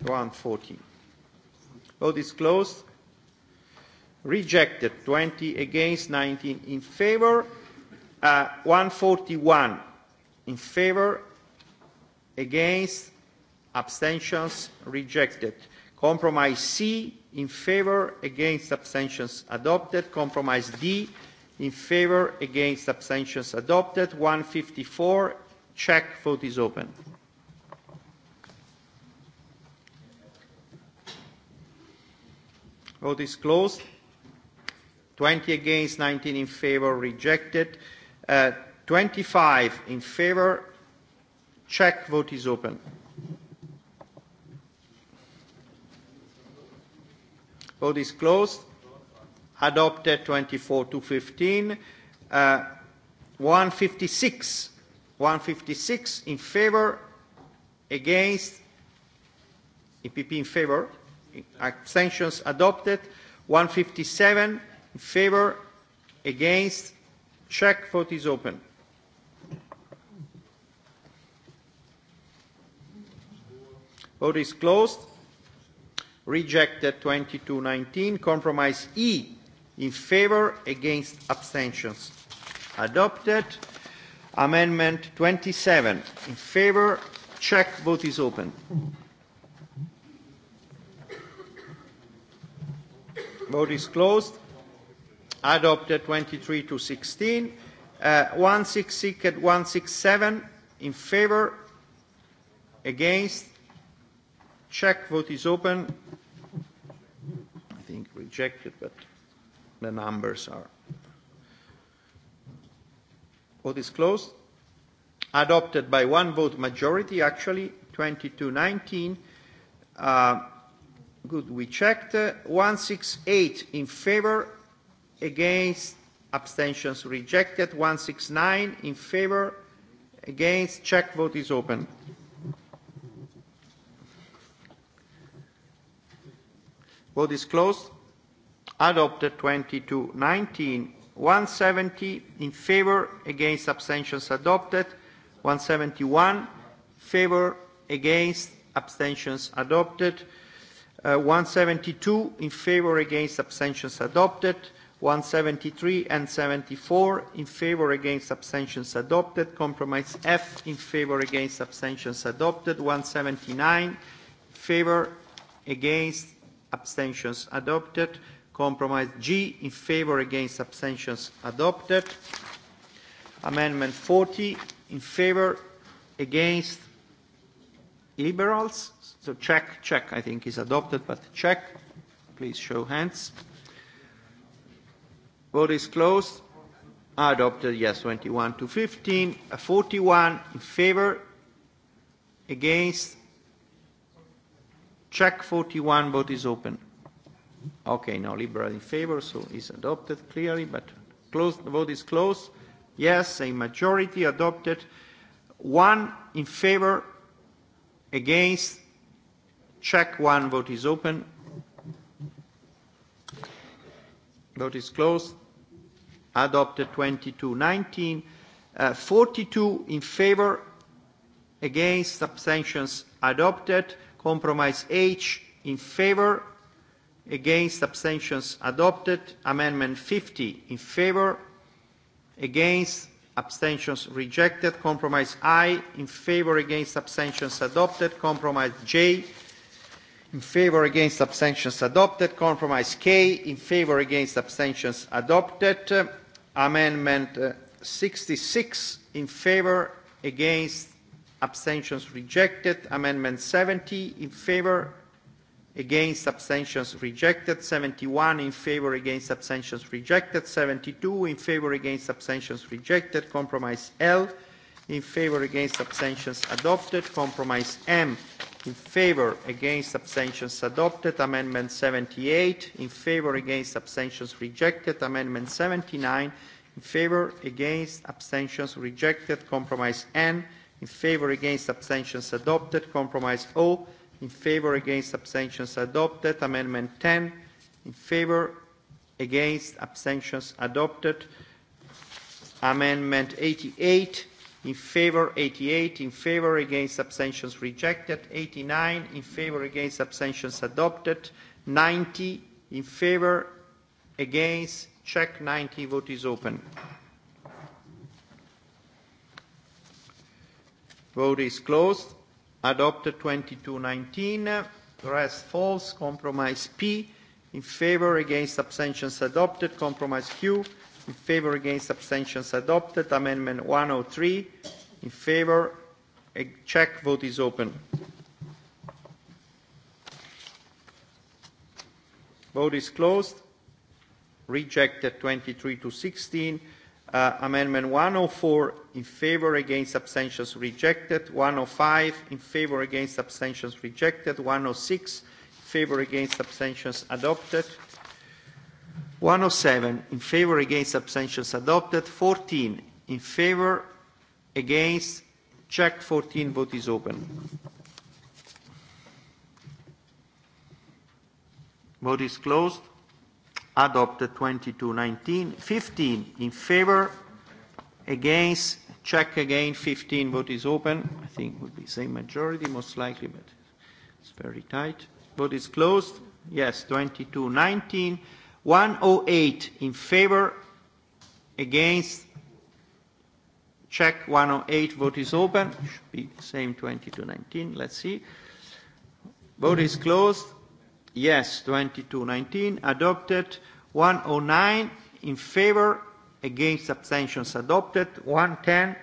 140. Vote is closed. Rejected. 20 against, 19 in favor. Uh, 141 in favor. against abstentions rejected compromise c in favour against abstentions adopted compromise d in favour against abstentions adopted one hundred fifty four check vote is open vote is closed twenty against nineteen in favour rejected uh, twenty five in favour check vote is open Vote is closed. Adopted 24 to 15. Uh, 156. 156 in favor, against, EPP in favor, abstentions adopted. 157 in favor, against, check, vote is open. Vote is closed rejected 2219. Compromise E in favor, against abstentions adopted. Amendment 27 in favor, check, vote is open. Vote is closed. Adopted 23 to 16. Uh, 166 at 167 in favor, against Check. Vote is open. I think rejected, but the numbers are. Vote is closed. Adopted by one vote majority, actually, 22-19. Uh, good, we checked. Uh, 168 in favor, against, abstentions rejected. 169 in favor, against, check. Vote is open. Vote is closed. Adopted 22. 19. 170 in favor, against abstentions adopted. 171 favor, against abstentions adopted. Uh, 172 in favor, against abstentions adopted. 173 and 74 in favor against abstentions adopted. Compromise F in favor against abstentions adopted. 179 favor against abstentions adopted. Compromise G in favor against abstentions adopted. Amendment 40 in favor against liberals. So check, check, I think is adopted, but check. Please show hands. Vote is closed. Adopted, yes, 21 to 15. 41 in favor against Check 41, vote is open. Okay, now liberal in favor, so it's adopted clearly, but closed, the vote is closed. Yes, a majority adopted. One in favor, against, check one, vote is open. Vote is closed. Adopted 22, 19. Uh, 42 in favor, against, abstentions adopted. Compromise H in favour, against abstentions adopted. Amendment 50 in favour, against abstentions rejected. Compromise I in favour, against abstentions adopted. Compromise J in favour, against abstentions adopted. Compromise K in favour, against abstentions adopted. amendment 66 uh, in favour, against abstentions rejected. Amendment 70 in favor, against abstentions rejected. 71 in favor, against abstentions rejected. 72 in favor, against abstentions rejected. Compromise L in favor, against abstentions adopted. Compromise M in favor, against abstentions adopted. Amendment 78 in favor, against abstentions rejected. Amendment 79 in favor, against abstentions rejected. Compromise N in in favor against abstentions adopted compromise o in favor against abstentions adopted amendment 10 in favor against abstentions adopted amendment 88 in favor 88 in favor against abstentions rejected 89 in favor against abstentions adopted 90 in favor against check 90 vote is open Vote is closed. Adopted 2219. Rest false. Compromise P. In favor, against abstentions adopted. Compromise Q. In favor, against abstentions adopted. Amendment 103. In favor, a check. Vote is open. Vote is closed. Rejected 23 to 16. Uh, amendment 104 in favor against abstentions rejected. 105 in favor against abstentions rejected. 106 in favor against abstentions adopted. 107 in favor against abstentions adopted. 14 in favor against check 14 vote is open. Vote is closed adopted 2219. 15 in favor, against, check again, 15, vote is open. I think it would be the same majority, most likely, but it's very tight. Vote is closed. Yes, 2219. 108 in favor, against, check 108, vote is open. Should be the same 2219, let's see. Vote is closed. Yes, 2219 adopted. 109 in favor, against abstentions adopted. 110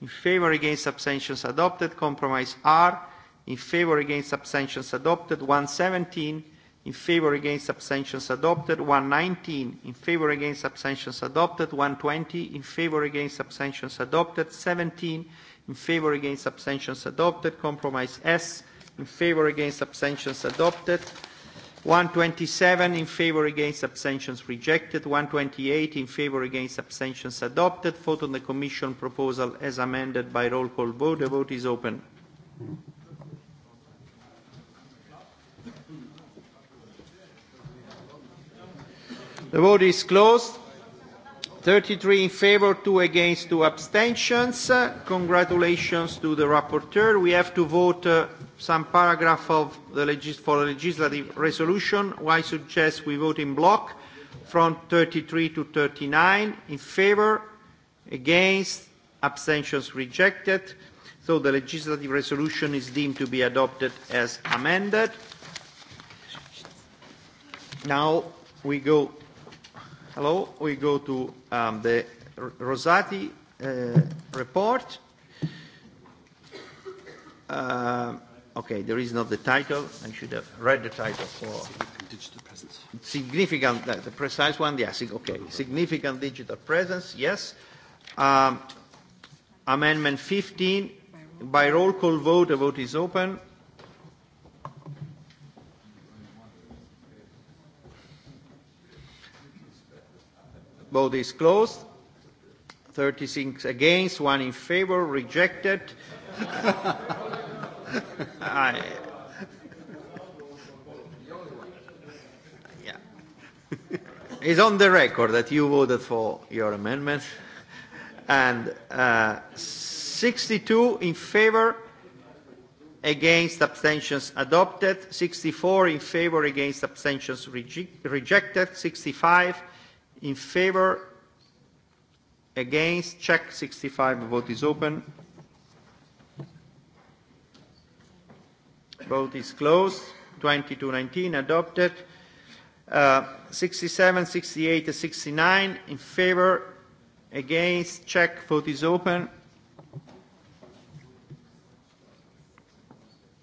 in favor, against abstentions adopted. Compromise R in favor, against abstentions adopted. 117 in favor, against abstentions adopted. 119 in favor, against abstentions adopted. 120 in favor, against abstentions adopted. 17 in favor, against abstentions adopted. Compromise S in favor, against abstentions adopted. 127 in favor against abstentions rejected 128 in favor against abstentions adopted vote on the commission proposal as amended by roll call vote the vote is open the vote is closed 33 in favor, 2 against, 2 abstentions. Uh, congratulations to the rapporteur. We have to vote uh, some paragraph of the legis for the legislative resolution. I suggest we vote in block from 33 to 39 in favor, against, abstentions rejected. So the legislative resolution is deemed to be adopted as amended. Now we go Hello. We go to um, the Rosati uh, report. Uh, okay, there is not the title. I should have read the title for significant digital presence. Significant, uh, the precise one. Yes. okay, significant digital presence. Yes. Um, amendment 15 by roll call vote. The vote is open. Vote is closed. 36 against, one in favor, rejected. <laughs> I, yeah. it's on the record that you voted for your amendment. And uh, 62 in favor, against abstentions adopted, 64 in favor, against abstentions rejected, 65 In favor, against, check 65, vote is open. Vote is closed. 2219 adopted. Uh, 67, 68, 69 in favor, against, check, vote is open.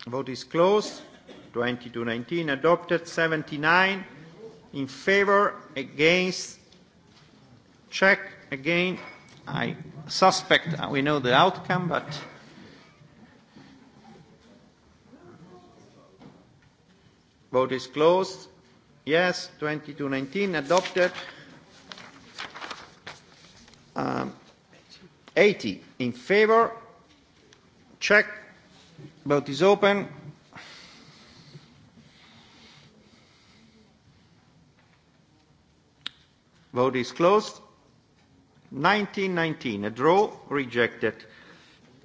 Vote is closed. 2219 adopted. 79 in favor, against, Check again. I suspect uh, we know the outcome, but vote is closed. Yes, 2219 adopted. Um, 80 in favor. Check. Vote is open. Vote is closed. 1919, a draw, rejected.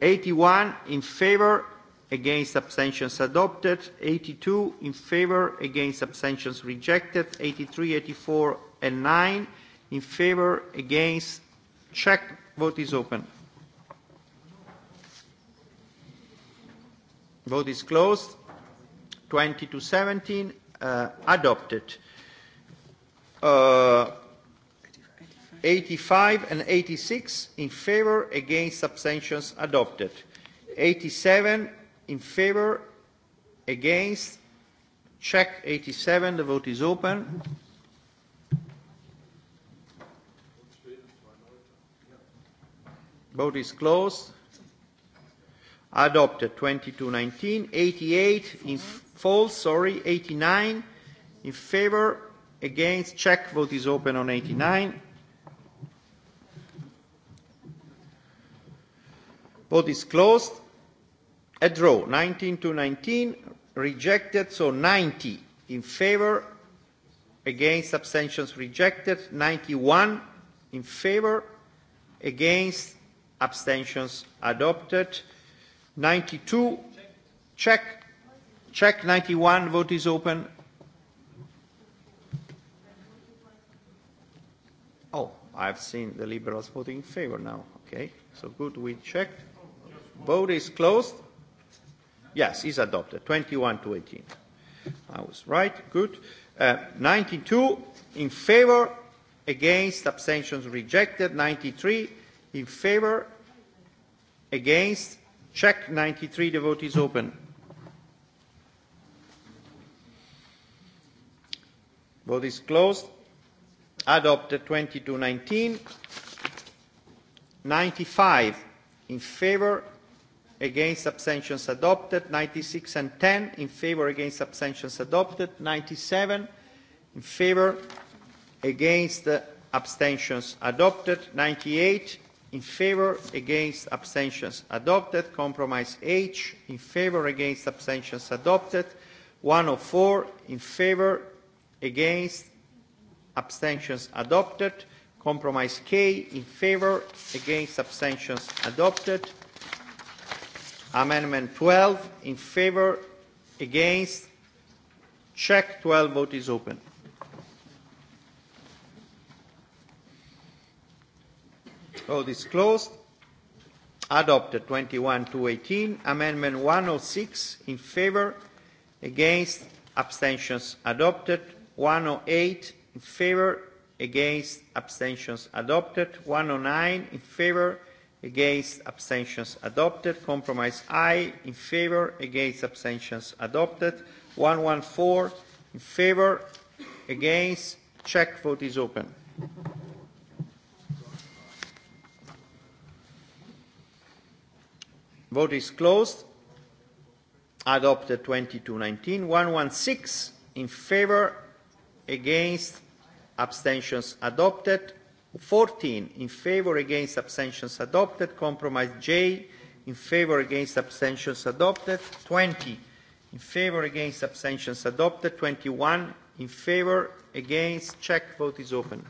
81 in favor, against abstentions adopted. 82 in favor, against abstentions rejected. 83, 84, and 9 in favor, against. Check. Vote is open. Vote is closed. 20 to 17, uh, adopted. Uh, 85 and 86 in favor against abstentions adopted 87 in favor against check 87 the vote is open vote is closed adopted 2219 88 in false sorry 89 in favor against check vote is open on 89 Vote is closed. A draw. 19 to 19. Rejected. So 90 in favor. Against. Abstentions rejected. 91 in favor. Against. Abstentions adopted. 92. Check. Check 91. Vote is open. Oh, I've seen the Liberals voting in favor now. Okay, so good. We checked. Vote is closed. Yes, is adopted. 21 to 18. I was right. Good. Uh, 92 in favor, against, abstentions rejected. 93 in favor, against. Check 93. The vote is open. Vote is closed. Adopted 20 to 19. 95 in favor, against abstentions adopted 96 and 10 in favor against abstentions adopted 97 in favor against abstentions adopted 98 in favor against abstentions adopted compromise h in favor against abstentions adopted 104 in favor against abstentions adopted compromise k in favor against abstentions adopted Amendment 12 in favor, against, check 12, vote is open. Vote is closed. Adopted 21 to 18. Amendment 106 in favor, against, abstentions adopted. 108 in favor, against, abstentions adopted. 109 in favor, against, against abstentions adopted compromise i in favor against abstentions adopted 114 in favor against check vote is open vote is closed adopted 2219 116 in favor against abstentions adopted 14 in favor against abstentions adopted. Compromise J in favor against abstentions adopted. 20 in favor against abstentions adopted. 21 in favor against check vote is open.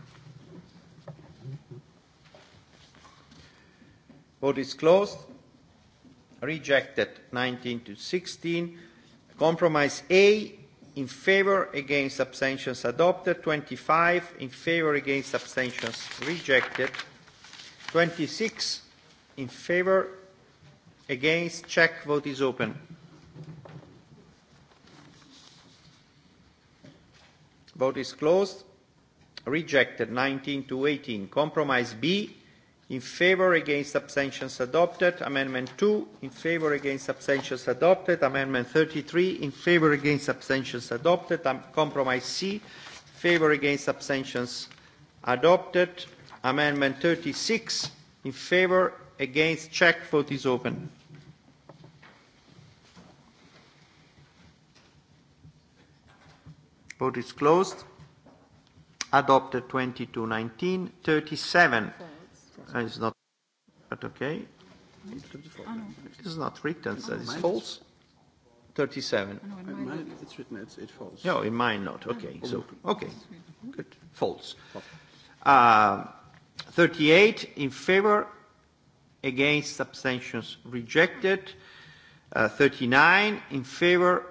Vote is closed. Rejected 19 to 16. Compromise A in favor against abstentions adopted 25 in favor against abstentions rejected 26 in favor against check vote is open vote is closed rejected 19 to 18 compromise b in favour against abstentions adopted amendment two in favour against abstentions adopted amendment thirty three in favour against abstentions adopted um, compromise c in favour against abstentions adopted amendment thirty six in favour against check vote is open vote is closed adopted twenty two nineteen thirty seven Four It's not, but okay. It's not written, so it's false. 37. No, in mine, mine it's written, it's, it falls. No, in mine not. Okay, so, okay, good, false. Uh, 38 in favor, against, abstentions rejected. Uh, 39 in favor,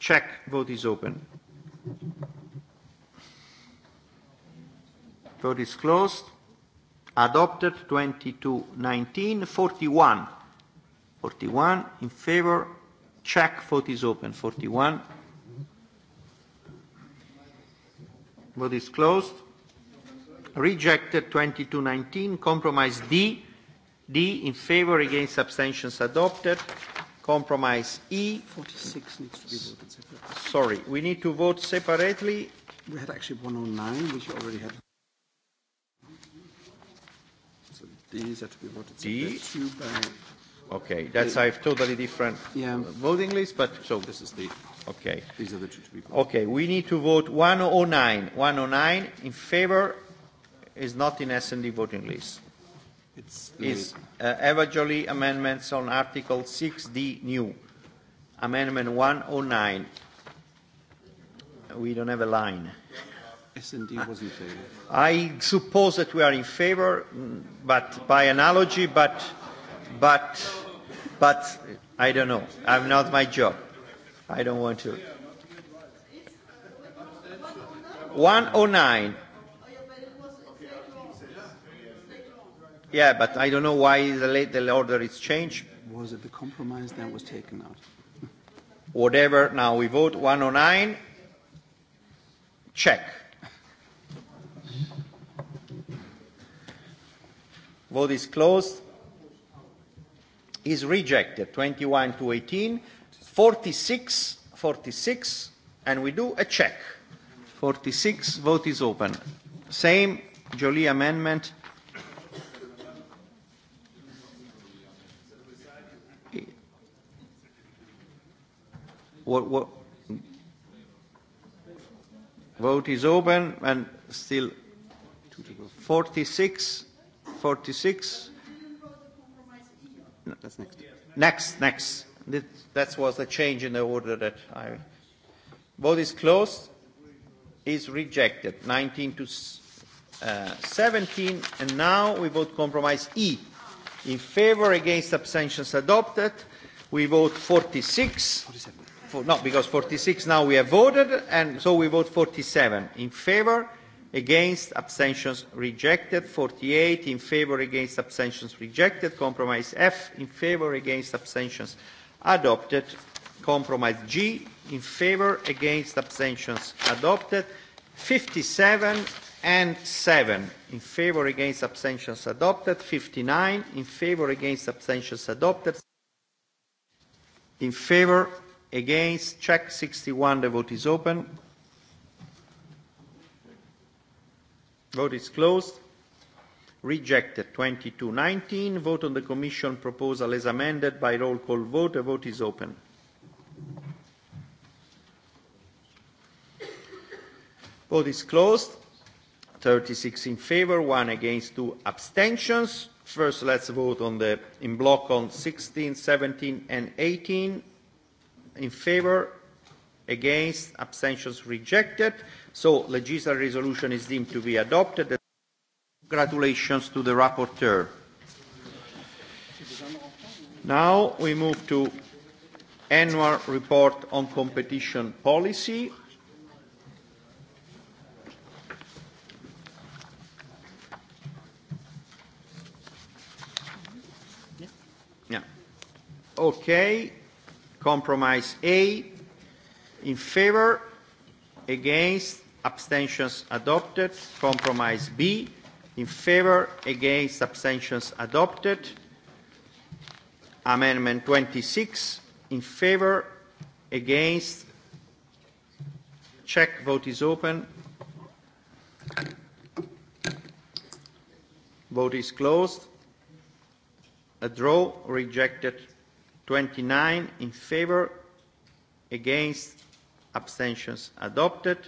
check, vote is open. Vote is closed adopted 22 19 41 41 in favor check vote is open 41 vote is closed rejected 22 19 compromise D D in favor against abstentions adopted compromise E 46 needs to be voted separately sorry we need to vote separately we had actually 109 which you already had these had to be voted separately. Two by... Okay, that's I have totally different yeah. voting list, but so this is the. Okay. These are the two to be voted. Okay, we need to vote 109. 109 in favor is not in S&D voting list. It's is uh, Eva Jolie amendments on Article 6D new. Amendment 109. We don't have a line. S&D was in favor. I suppose that we are in favor, but by analogy, but, but, but I don't know. I'm not my job. I don't want to. 109. Yeah, but I don't know why the late the order is changed. Was it the compromise that was taken out? Whatever. Now we vote 109. Check. Vote is closed. Is rejected. 21 to 18. 46, 46, and we do a check. 46, vote is open. Same Jolie amendment. What, what, vote is open and still 46 146. No, that's next. Next, next. That was the change in the order that I. Vote is closed. Is rejected. 19 to uh, 17. And now we vote compromise E. In favor, against abstentions adopted. We vote 46. 47. For, no, because 46 now we have voted, and so we vote 47. In favor, against abstentions rejected 48 in favor against abstentions rejected compromise F in favor against abstentions adopted compromise G in favor against abstentions adopted 57 and 7 in favor against abstentions adopted 59 in favor against abstentions adopted in favor against check 61 the vote is open Vote is closed. Rejected. 2219. Vote on the Commission proposal as amended by roll call vote. A vote is open. Vote is closed. 36 in favor, one against, two abstentions. First, let's vote on the in block on 16, 17, and 18. In favor, against, abstentions rejected. So legislative resolution is deemed to be adopted. Congratulations to the rapporteur. Now we move to annual report on competition policy. Yeah. Okay. Compromise A. In favor, against, abstentions adopted. Compromise B, in favor, against, abstentions adopted. Amendment 26, in favor, against, check, vote is open. Vote is closed. A draw, rejected. 29 in favor, against, abstentions adopted.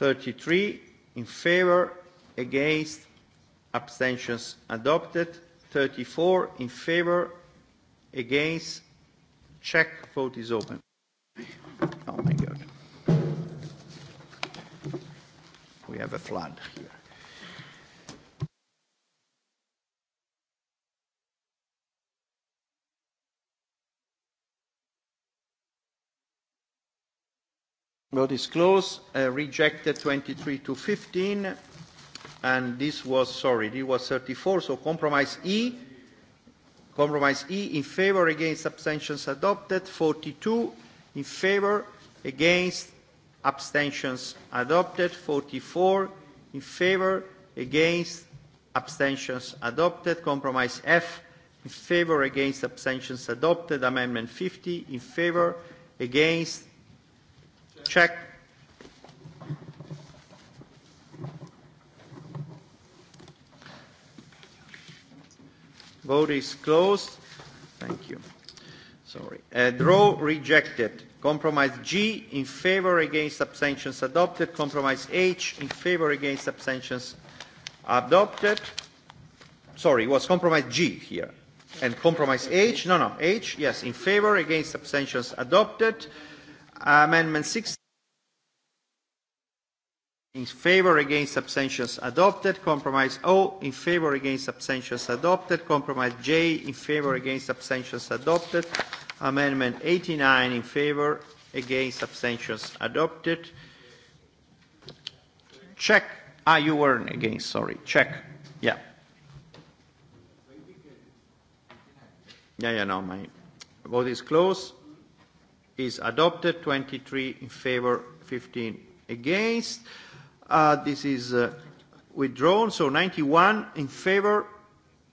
Thirty three in favour, against abstentions adopted Thirty four in favor against check vote is open oh my god we have a flood here Vote is closed. Uh, rejected 23 to 15. And this was, sorry, this was 34. So compromise E. Compromise E in favor, against abstentions adopted. 42 in favor, against abstentions adopted. 44 in favor, against abstentions adopted. Compromise F in favor, against abstentions adopted. Amendment 50 in favor, against check. Vote is closed. Thank you. Sorry. Uh, draw rejected. Compromise G in favor against abstentions adopted. Compromise H in favor against abstentions adopted. Sorry, it was compromise G here. And compromise H, no, no, H, yes, in favor against abstentions adopted. Amendment 16 in favor against abstentions adopted compromise o in favor against abstentions adopted compromise j in favor against abstentions adopted amendment 89 in favor against abstentions adopted check ah you weren't against sorry check yeah yeah yeah no my vote is closed is adopted 23 in favor 15 against Uh, this is uh, withdrawn. So 91 in favor,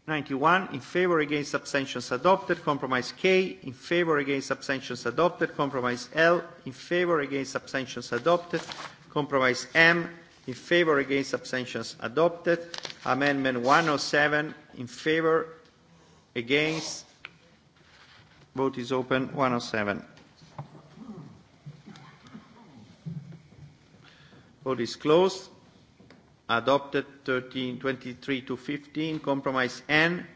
91 in favor against abstentions adopted. Compromise K in favor against abstentions adopted. Compromise L in favor against abstentions adopted. Compromise M in favor against abstentions adopted. Amendment 107 in favor against. Vote is open. 107. Vote is closed. Adopted 13, 23 to 15. Compromise N.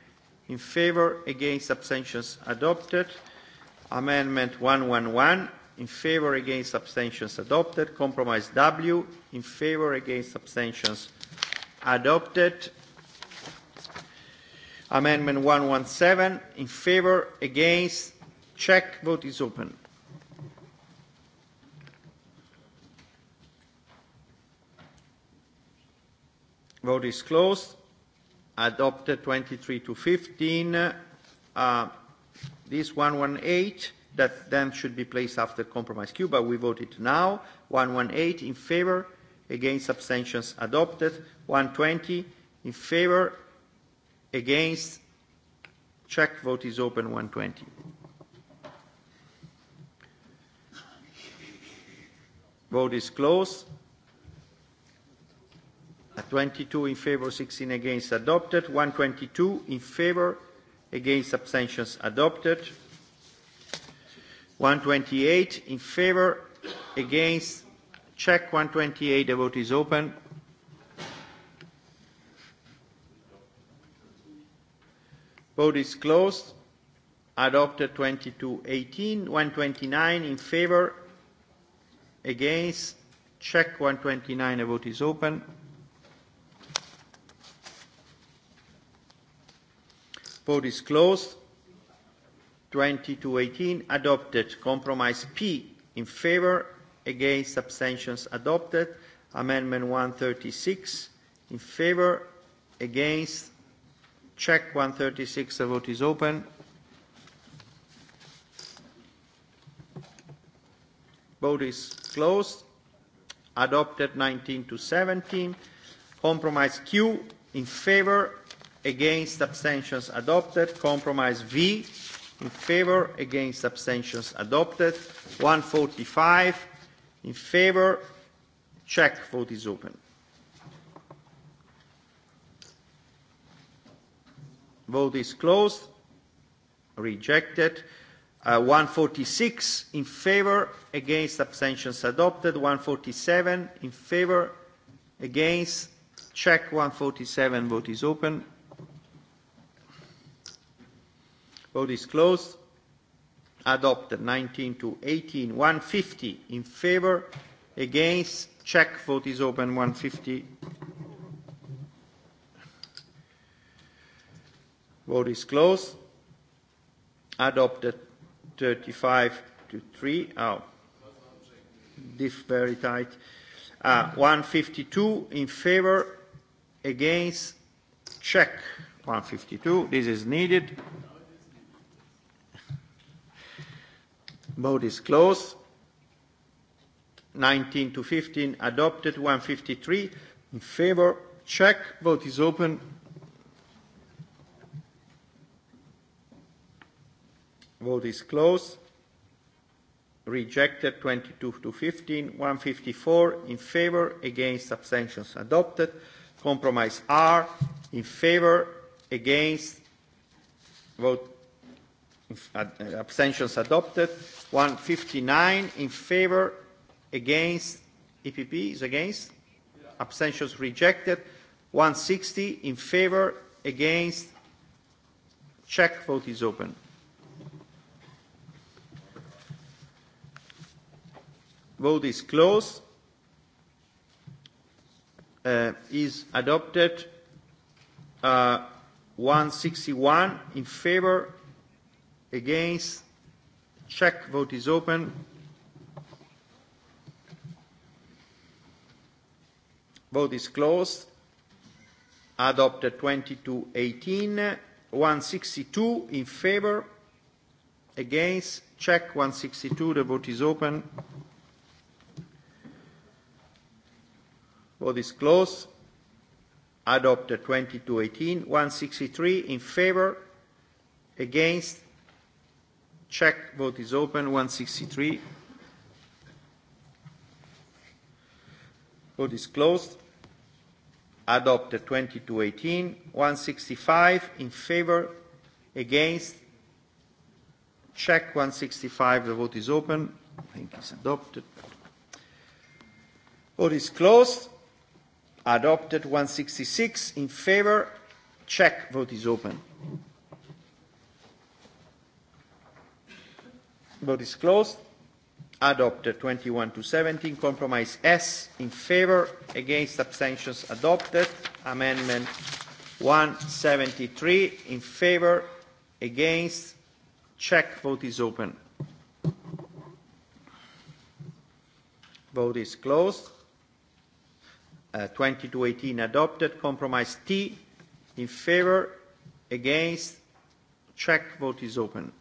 In favor, against, abstentions adopted. Amendment 111. In favor, against, abstentions adopted. Compromise W. In favor, against, abstentions adopted. Amendment 117. In favor, against, check. Vote is open. Vote is closed. Adopted 23 to 15. Uh, this 118 that then should be placed after compromise Q, but we voted now. 118 in favor, against abstentions adopted. 120 in favor, against. Check vote is open 120. Vote is closed. 22 in favor, 16 against adopted. 122 in favor, against abstentions adopted. 128 in favor, against check 128. The vote is open. Vote is closed. Adopted 22-18. 129 in favor, against check 129. The vote is open. Vote is closed. 20 to 18 adopted. Compromise P in favor, against abstentions adopted. Amendment 136 in favor, against. Check 136. The vote is open. Vote is closed. Adopted 19 to 17. Compromise Q in favor, against abstentions adopted compromise v in favor against abstentions adopted 145 in favor check vote is open vote is closed rejected uh, 146 in favor against abstentions adopted 147 in favor against check 147 vote is open Vote is closed. Adopted. 19 to 18. 150 in favor. Against. Check. Vote is open. 150. Vote is closed. Adopted. 35 to 3. Oh. Diff very tight. Uh, 152 in favor. Against. Check. 152. This is needed. Vote is closed. 19 to 15 adopted. 153 in favor. Check. Vote is open. Vote is closed. Rejected 22 to 15, 154 in favor, against abstentions adopted. Compromise R in favor, against vote abstentions adopted. 159 in favor, against, EPP is against, abstentions rejected. 160 in favor, against, check, vote is open. Vote is closed. Uh, is adopted. Uh, 161 in favor, against, check, vote is open. Vote is closed. Adopted 2218 162 in favor. Against. Check 162. The vote is open. Vote is closed. Adopted 2218 163 in favor. Against. Check. Vote is open. 163. Vote is closed. Adopted 20 165 in favor. Against. Check. 165. The vote is open. I think it's adopted. Vote is closed. Adopted 166 in favor. Check. Vote is open. Vote is closed. Adopted 21 to 17. Compromise S in favor. Against abstentions adopted. Amendment 173 in favor. Against. Check. Vote is open. Vote is closed. Uh, 20 to 18 adopted. Compromise T in favor. Against. Check. Vote is open.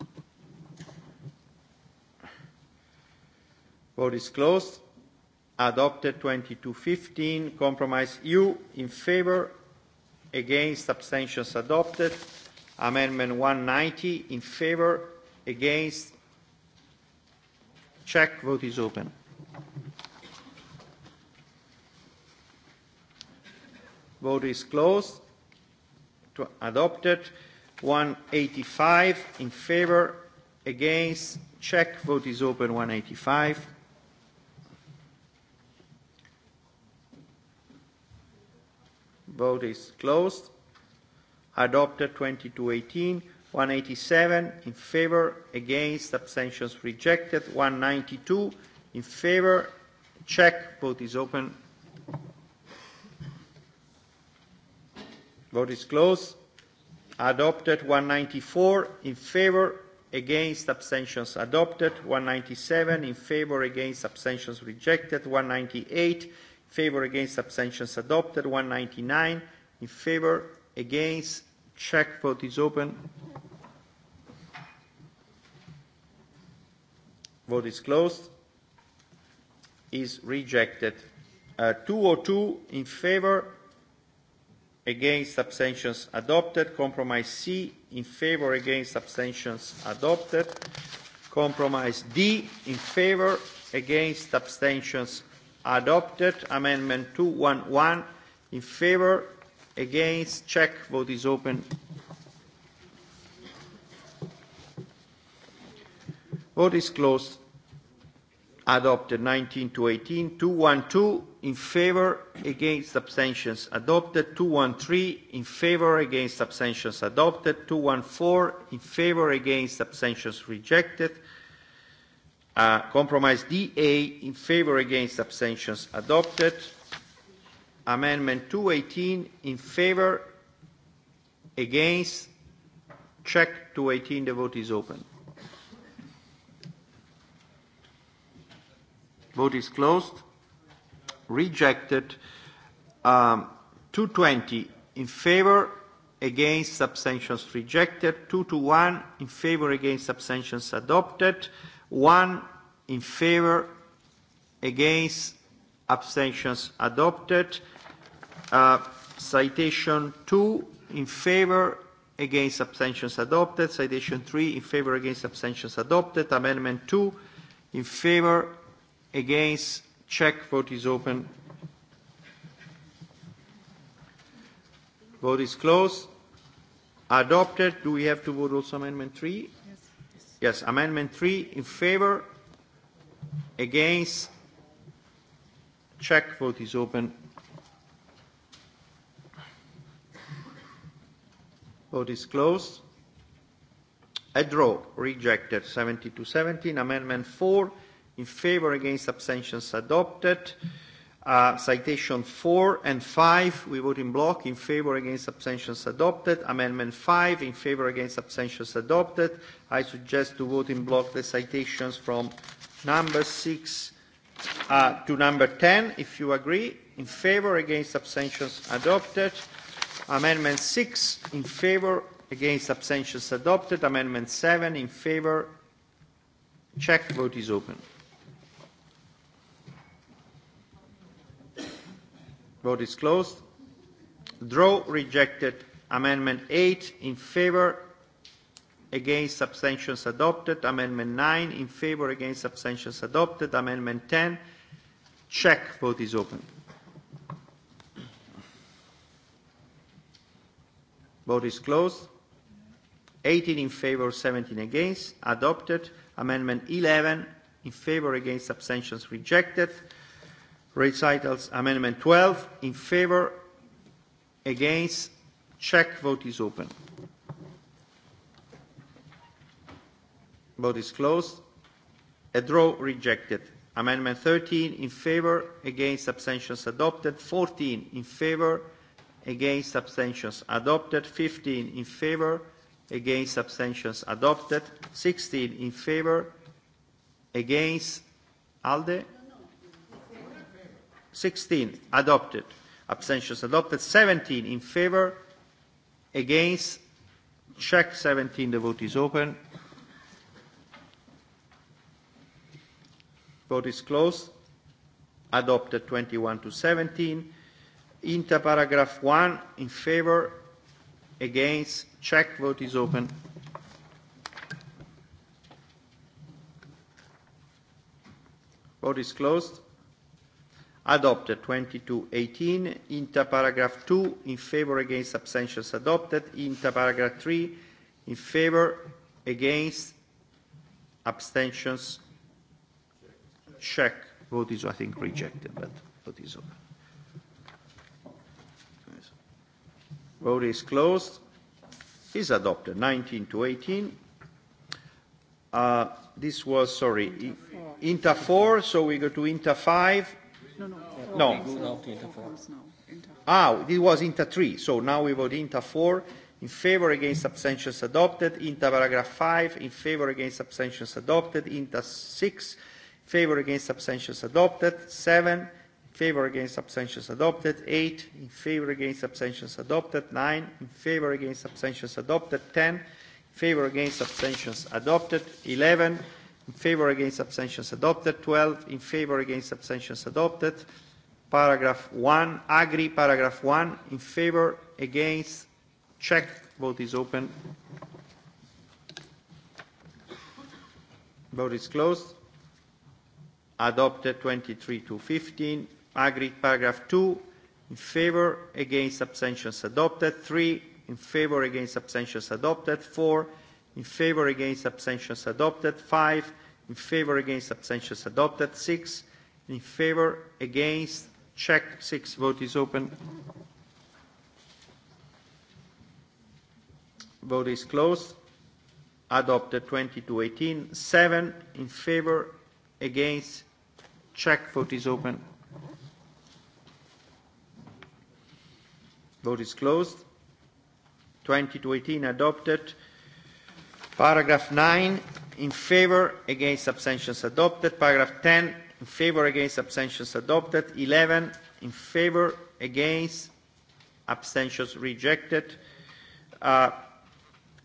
Vote is closed. Adopted 2215. Compromise EU in favor. Against abstentions adopted. Amendment 190 in favor. Against. Check. Vote is open. Vote is closed. To adopted. 185 in favor. Against. Check. Vote is open. 185. Vote is closed. Adopted 2218. 187 in favor, against, abstentions rejected. 192 in favor, check. Vote is open. Vote is closed. Adopted 194 in favor, against, abstentions adopted. 197 in favor, against, abstentions rejected. 198 favor against abstentions adopted 199 in favor against check vote is open vote is closed is rejected uh, 202 in favor against abstentions adopted compromise C in favor against abstentions adopted compromise D in favor against abstentions adopted. Amendment 211 in favor, against, check, vote is open. Vote is closed. Adopted 19 to 18. 212 in favor, against, abstentions adopted. 213 in favor, against, abstentions adopted. 214 in favor, against, abstentions rejected. Uh, compromise DA in favor against abstentions adopted. Amendment 218 in favor against. Check 218. The vote is open. Vote is closed. Rejected. Um, 220 in favour, against abstentions rejected. 221 in favour, against abstentions adopted. One in favor, against, abstentions adopted. Uh, citation two in favor, against, abstentions adopted. Citation three in favor, against, abstentions adopted. Amendment two in favor, against, check, vote is open. Vote is closed. Adopted. Do we have to vote also amendment three? Yes, amendment three in favor, against, check, vote is open. Vote is closed. A draw, rejected, 70 to 17. Amendment four in favor, against, abstentions adopted. Uh, citation 4 and 5, we vote in block in favor against abstentions adopted. Amendment 5 in favor against abstentions adopted. I suggest to vote in block the citations from number 6 uh, to number 10, if you agree. In favor against abstentions adopted. Amendment 6 in favor against abstentions adopted. Amendment 7 in favor. Check vote is open. Vote is closed. Draw rejected. Amendment 8 in favor, against abstentions adopted. Amendment 9 in favor, against abstentions adopted. Amendment 10. Check. Vote is open. Vote is closed. 18 in favor, 17 against. Adopted. Amendment 11 in favor, against abstentions rejected recitals amendment 12 in favor against check vote is open vote is closed a draw rejected amendment 13 in favor against abstentions adopted 14 in favor against abstentions adopted 15 in favor against abstentions adopted 16 in favor against alde 16 adopted abstentions adopted 17 in favor against check 17 the vote is open vote is closed adopted 21 to 17 inter paragraph 1 in favor against check vote is open vote is closed adopted 2218 inter paragraph 2 in favor against abstentions adopted inter paragraph 3 in favor against abstentions check vote is i think rejected but vote is open vote is closed is adopted 19 to 18 uh, this was sorry inter 4 so we go to inter 5 No, no. No. no, no, no ah, it was INTA 3. So now we vote INTA 4. In favor against abstentions adopted. INTA paragraph 5. In favor against abstentions adopted. INTA 6. In favor against abstentions adopted. 7. In favor against abstentions adopted. 8. In favor against abstentions adopted. 9. In favor against abstentions adopted. 10. In favor against abstentions adopted. 11 in favor against abstentions adopted 12 in favor against abstentions adopted paragraph 1 agree paragraph 1 in favor against check vote is open vote is closed adopted 23 to 15 agri paragraph 2 in favor against abstentions adopted 3 in favor against abstentions adopted 4 in favor against abstentions adopted 5 in favor against abstentions adopted six in favor against check six vote is open vote is closed adopted 20 to 18 seven in favor against check vote is open vote is closed 20 to 18 adopted paragraph 9 in favor against abstentions adopted paragraph 10 in favor against abstentions adopted 11 in favor against abstentions rejected uh,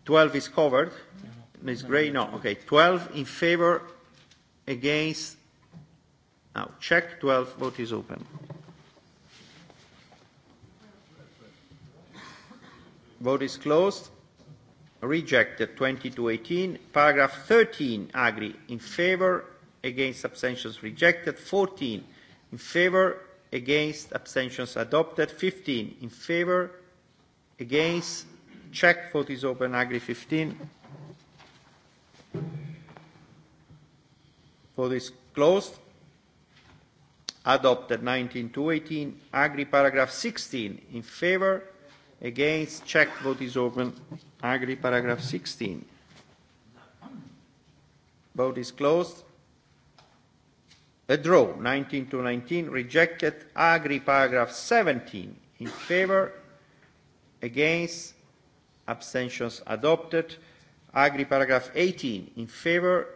12 is covered Ms. Gray no okay 12 in favor against now check 12 vote is open vote is closed rejected 20 to 18 paragraph 13 agree in favor against abstentions rejected 14 in favor against abstentions adopted 15 in favor against check vote is open agree 15 vote is closed adopted 19 to 18 agree paragraph 16 in favor Against, check, vote is open. Agri, paragraph 16. Vote is closed. A draw, 19 to 19, rejected. Agri, paragraph 17, in favor. Against, abstentions adopted. Agri, paragraph 18, in favor.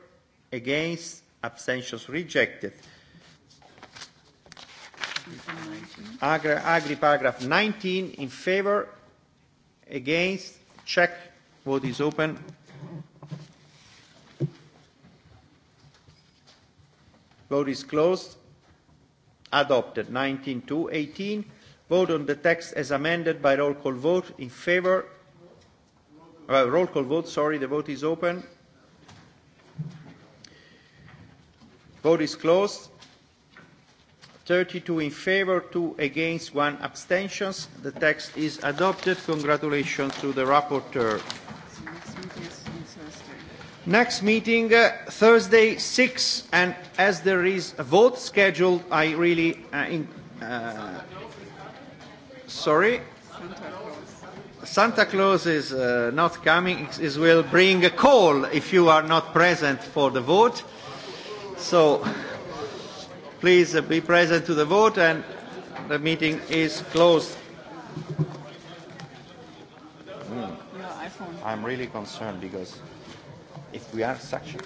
Against, abstentions rejected. Agri, agri paragraph 19 in favor, against, check, vote is open. Vote is closed. Adopted. 19 to 18. Vote on the text as amended by roll call vote in favor. Uh, roll call vote, sorry, the vote is open. Vote is closed thirty two in favour, two against, one abstentions. The text is adopted. Congratulations to the rapporteur. Next meeting, uh, Thursday, 6, and as there is a vote scheduled, I really... Uh, in, uh, sorry? Santa Claus is uh, not coming. It will bring a call if you are not present for the vote. So... Please be present to the vote and the meeting is closed. Mm. I'm really concerned because if we are such